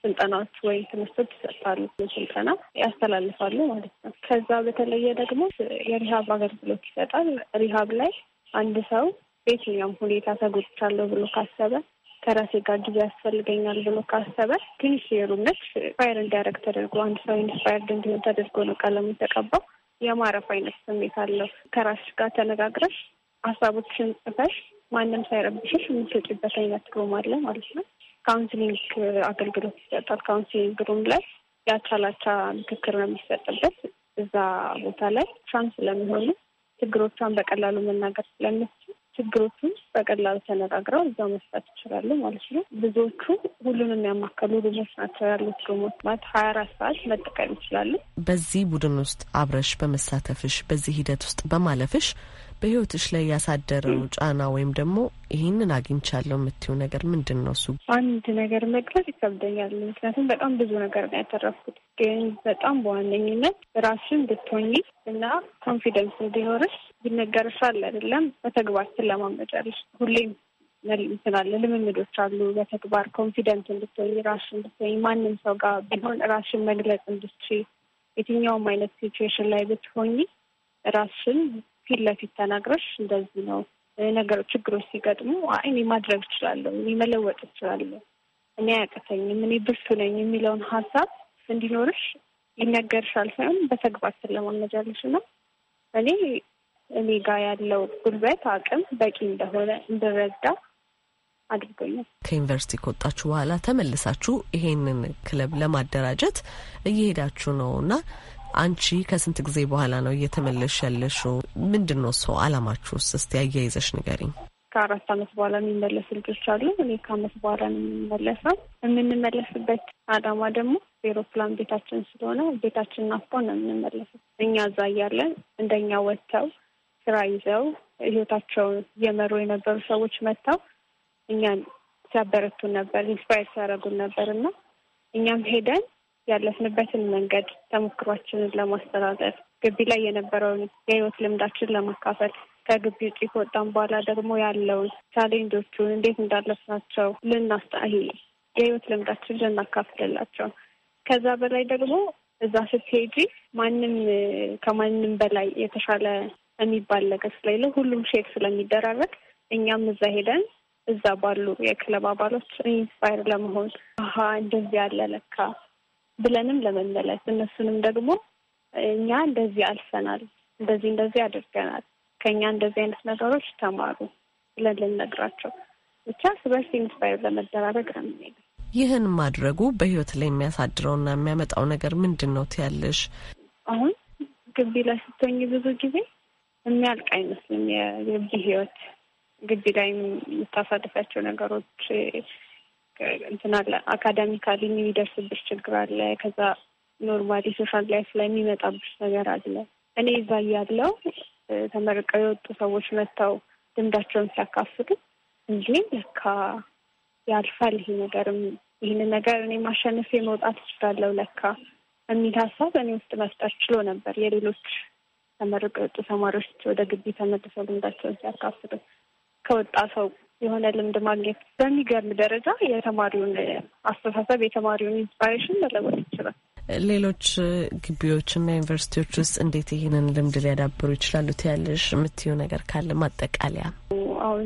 ስልጠናዎች ወይ ትምህርቶች ይሰጣሉ። ስልጠና ያስተላልፋሉ ማለት ነው። ከዛ በተለየ ደግሞ የሪሃብ አገልግሎት ይሰጣል። ሪሃብ ላይ አንድ ሰው በየትኛውም ሁኔታ ተጎድቻለሁ ብሎ ካሰበ ከራሴ ጋር ጊዜ ያስፈልገኛል ብሎ ካሰበ ትንሽ የሩነት ፋይር እንዲያደርግ ተደርጎ አንድ ሰው ኢንስፓየርድ እንዲሆን ተደርጎ ነው ቀለሙ የተቀባው። የማረፍ አይነት ስሜት አለው። ከራስሽ ጋር ተነጋግረሽ ሀሳቦችን ጽፈሽ ማንም ሳይረብሽሽ የምትወጪበት አይነት ሩም አለ ማለት ነው። ካውንስሊንግ አገልግሎት ይሰጣል። ካውንስሊንግ ሩም ላይ የአቻ ለአቻ ምክክር ነው የሚሰጥበት። እዛ ቦታ ላይ ሻም ስለሚሆኑ ችግሮቿን በቀላሉ መናገር ስለምትችል ችግሮቹ በቀላሉ ተነጋግረው እዛው መስጠት ይችላሉ ማለት ነው። ብዙዎቹ ሁሉንም ያማከሉ ሩሞች ናቸው ያሉት። ሩሞች ማለት ሀያ አራት ሰዓት መጠቀም ይችላሉ። በዚህ ቡድን ውስጥ አብረሽ በመሳተፍሽ በዚህ ሂደት ውስጥ በማለፍሽ በህይወትሽ ላይ ያሳደረው ጫና ወይም ደግሞ ይህንን አግኝቻለሁ የምትይው ነገር ምንድን ነው? እሱ አንድ ነገር መግለጽ ይከብደኛል። ምክንያቱም በጣም ብዙ ነገር ነው ያተረፍኩት። ግን በጣም በዋነኝነት ራስሽን ብትሆኚ እና ኮንፊደንስ እንዲኖርሽ ይነገርሻል አይደለም፣ በተግባር ትለማመጫለሽ ሁሌም እንትናለ ልምምዶች አሉ። በተግባር ኮንፊደንት እንድትሆኝ ራስሽን እንድትሆኝ ማንም ሰው ጋር ቢሆን ራስሽን መግለጽ እንድትች የትኛውም አይነት ሲትዌሽን ላይ ብትሆኝ ራስሽን ፊት ለፊት ተናግረሽ እንደዚህ ነው ነገሮች ችግሮች ሲገጥሙ እኔ ማድረግ እችላለሁ፣ እኔ መለወጥ እችላለሁ፣ እኔ አያቅተኝም፣ እኔ ብርቱ ነኝ የሚለውን ሀሳብ እንዲኖርሽ ይነገርሻል ሳይሆን በተግባር ስለማመጃለሽ እና እኔ እኔ ጋር ያለው ጉልበት አቅም በቂ እንደሆነ እንድረዳ አድርጎኛል። ከዩኒቨርሲቲ ከወጣችሁ በኋላ ተመልሳችሁ ይሄንን ክለብ ለማደራጀት እየሄዳችሁ ነው እና አንቺ ከስንት ጊዜ በኋላ ነው እየተመለሽ ያለሽው? ምንድን ነው ሰው አላማችሁስ? እስቲ አያይዘሽ ንገሪኝ። ከአራት አመት በኋላ የሚመለስ ልጆች አሉ። እኔ ከአመት በኋላ ነው የምንመለሰው። የምንመለስበት አላማ ደግሞ ኤሮፕላን ቤታችን ስለሆነ ቤታችን ናፍቆ ነው የምንመለሰው። እኛ እዛ እያለን እንደኛ ወጥተው ስራ ይዘው ህይወታቸውን እየመሩ የነበሩ ሰዎች መጥተው እኛን ሲያበረቱን ነበር፣ ኢንስፓየር ሲያደርጉን ነበር እና እኛም ሄደን ያለፍንበትን መንገድ ተሞክሯችንን ለማስተላለፍ ግቢ ላይ የነበረውን የህይወት ልምዳችን ለማካፈል ከግቢ ውጭ ከወጣን በኋላ ደግሞ ያለውን ቻሌንጆቹን እንዴት እንዳለፍናቸው ልናስጣሂ የህይወት ልምዳችን ልናካፍልላቸው ከዛ በላይ ደግሞ እዛ ስትሄጂ ማንም ከማንም በላይ የተሻለ የሚባል ነገር ስለሌለ ሁሉም ሼክ ስለሚደራረግ እኛም እዛ ሄደን እዛ ባሉ የክለብ አባሎች ኢንስፓየር ለመሆን አሀ እንደዚህ ያለ ለካ ብለንም ለመመለስ እነሱንም ደግሞ እኛ እንደዚህ አልፈናል፣ እንደዚህ እንደዚህ አድርገናል፣ ከእኛ እንደዚህ አይነት ነገሮች ተማሩ ብለን ልንነግራቸው ብቻ ስበርስ ኢንስፓየር ለመደራረግ ነው የምንሄደው። ይህን ማድረጉ በህይወት ላይ የሚያሳድረውና የሚያመጣው ነገር ምንድን ነው ትያለሽ? አሁን ግቢ ላይ ስትሆኝ ብዙ ጊዜ የሚያልቅ አይመስልም። የግቢ ህይወት ግቢ ላይ የምታሳልፊያቸው ነገሮች እንትን አለ አካዳሚካሊ የሚደርስብሽ ችግር አለ። ከዛ ኖርማሊ ሶሻል ላይፍ ላይ የሚመጣብሽ ነገር አለ። እኔ እዛ እያለሁ ተመርቀው የወጡ ሰዎች መጥተው ልምዳቸውን ሲያካፍሉ እንጂ ለካ ያልፋል ይሄ ነገርም ይህን ነገር እኔ ማሸነፍ መውጣት እችላለሁ ለካ የሚል ሀሳብ እኔ ውስጥ መፍጠር ችሎ ነበር። የሌሎች ተመርቀው የወጡ ተማሪዎች ወደ ግቢ ተመልሰው ልምዳቸውን ሲያካፍሉ ከወጣ ሰው የሆነ ልምድ ማግኘት በሚገርም ደረጃ የተማሪውን አስተሳሰብ የተማሪውን ኢንስፓሬሽን መለወጥ ይችላል። ሌሎች ግቢዎችና ዩኒቨርሲቲዎች ውስጥ እንዴት ይህንን ልምድ ሊያዳብሩ ይችላሉ ትያለሽ? የምትዩ ነገር ካለ ማጠቃለያ። አሁን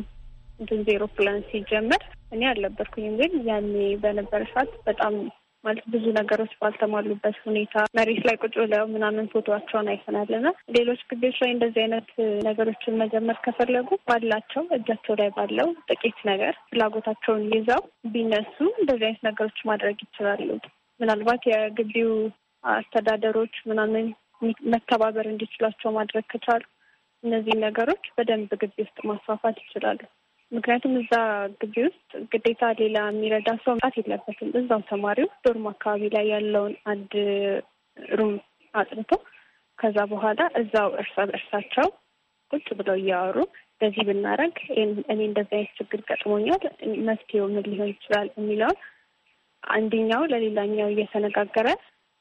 ድንዝ ኤሮፕላን ሲጀመር እኔ አልነበርኩኝም፣ ግን ያኔ በነበረ ሰዓት በጣም ማለት ብዙ ነገሮች ባልተሟሉበት ሁኔታ መሬት ላይ ቁጭ ብለው ምናምን ፎቶዋቸውን አይተናል እና ሌሎች ግቢዎች ላይ እንደዚህ አይነት ነገሮችን መጀመር ከፈለጉ ባላቸው እጃቸው ላይ ባለው ጥቂት ነገር ፍላጎታቸውን ይዘው ቢነሱ እንደዚህ አይነት ነገሮች ማድረግ ይችላሉ። ምናልባት የግቢው አስተዳደሮች ምናምን መተባበር እንዲችሏቸው ማድረግ ከቻሉ እነዚህ ነገሮች በደንብ ግቢ ውስጥ ማስፋፋት ይችላሉ። ምክንያቱም እዛ ግቢ ውስጥ ግዴታ ሌላ የሚረዳ ሰው መምጣት የለበትም። እዛው ተማሪው ዶርም አካባቢ ላይ ያለውን አንድ ሩም አጥንቶ ከዛ በኋላ እዛው እርሳ በእርሳቸው ቁጭ ብለው እያወሩ በዚህ ብናረግ እኔ እንደዚህ አይነት ችግር ገጥሞኛል፣ መፍትሄው ምን ሊሆን ይችላል የሚለውን አንደኛው ለሌላኛው እየተነጋገረ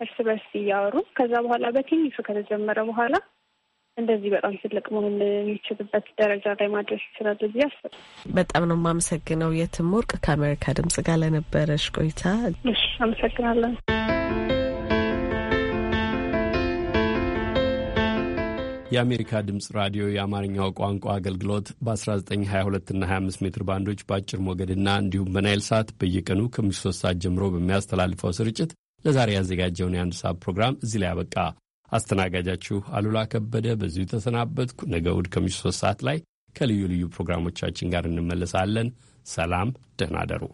እርስ በርስ እያወሩ ከዛ በኋላ በትንሹ ከተጀመረ በኋላ እንደዚህ በጣም ትልቅ መሆን የሚችልበት ደረጃ ላይ ማድረስ ይችላል ብዬ አስባለሁ። በጣም ነው የማመሰግነው የትም ወርቅ ከአሜሪካ ድምጽ ጋር ለነበረሽ ቆይታ አመሰግናለን። የአሜሪካ ድምፅ ራዲዮ የአማርኛው ቋንቋ አገልግሎት በ1922 እና 25 ሜትር ባንዶች በአጭር ሞገድና እንዲሁም በናይል ሰዓት በየቀኑ ከምሽቱ ሰዓት ጀምሮ በሚያስተላልፈው ስርጭት ለዛሬ ያዘጋጀውን የአንድ ሰዓት ፕሮግራም እዚህ ላይ አበቃ። አስተናጋጃችሁ አሉላ ከበደ በዚሁ ተሰናበትኩ። ነገ እሑድ ከምሽቱ ሶስት ሰዓት ላይ ከልዩ ልዩ ፕሮግራሞቻችን ጋር እንመለሳለን። ሰላም፣ ደህና አደሩ።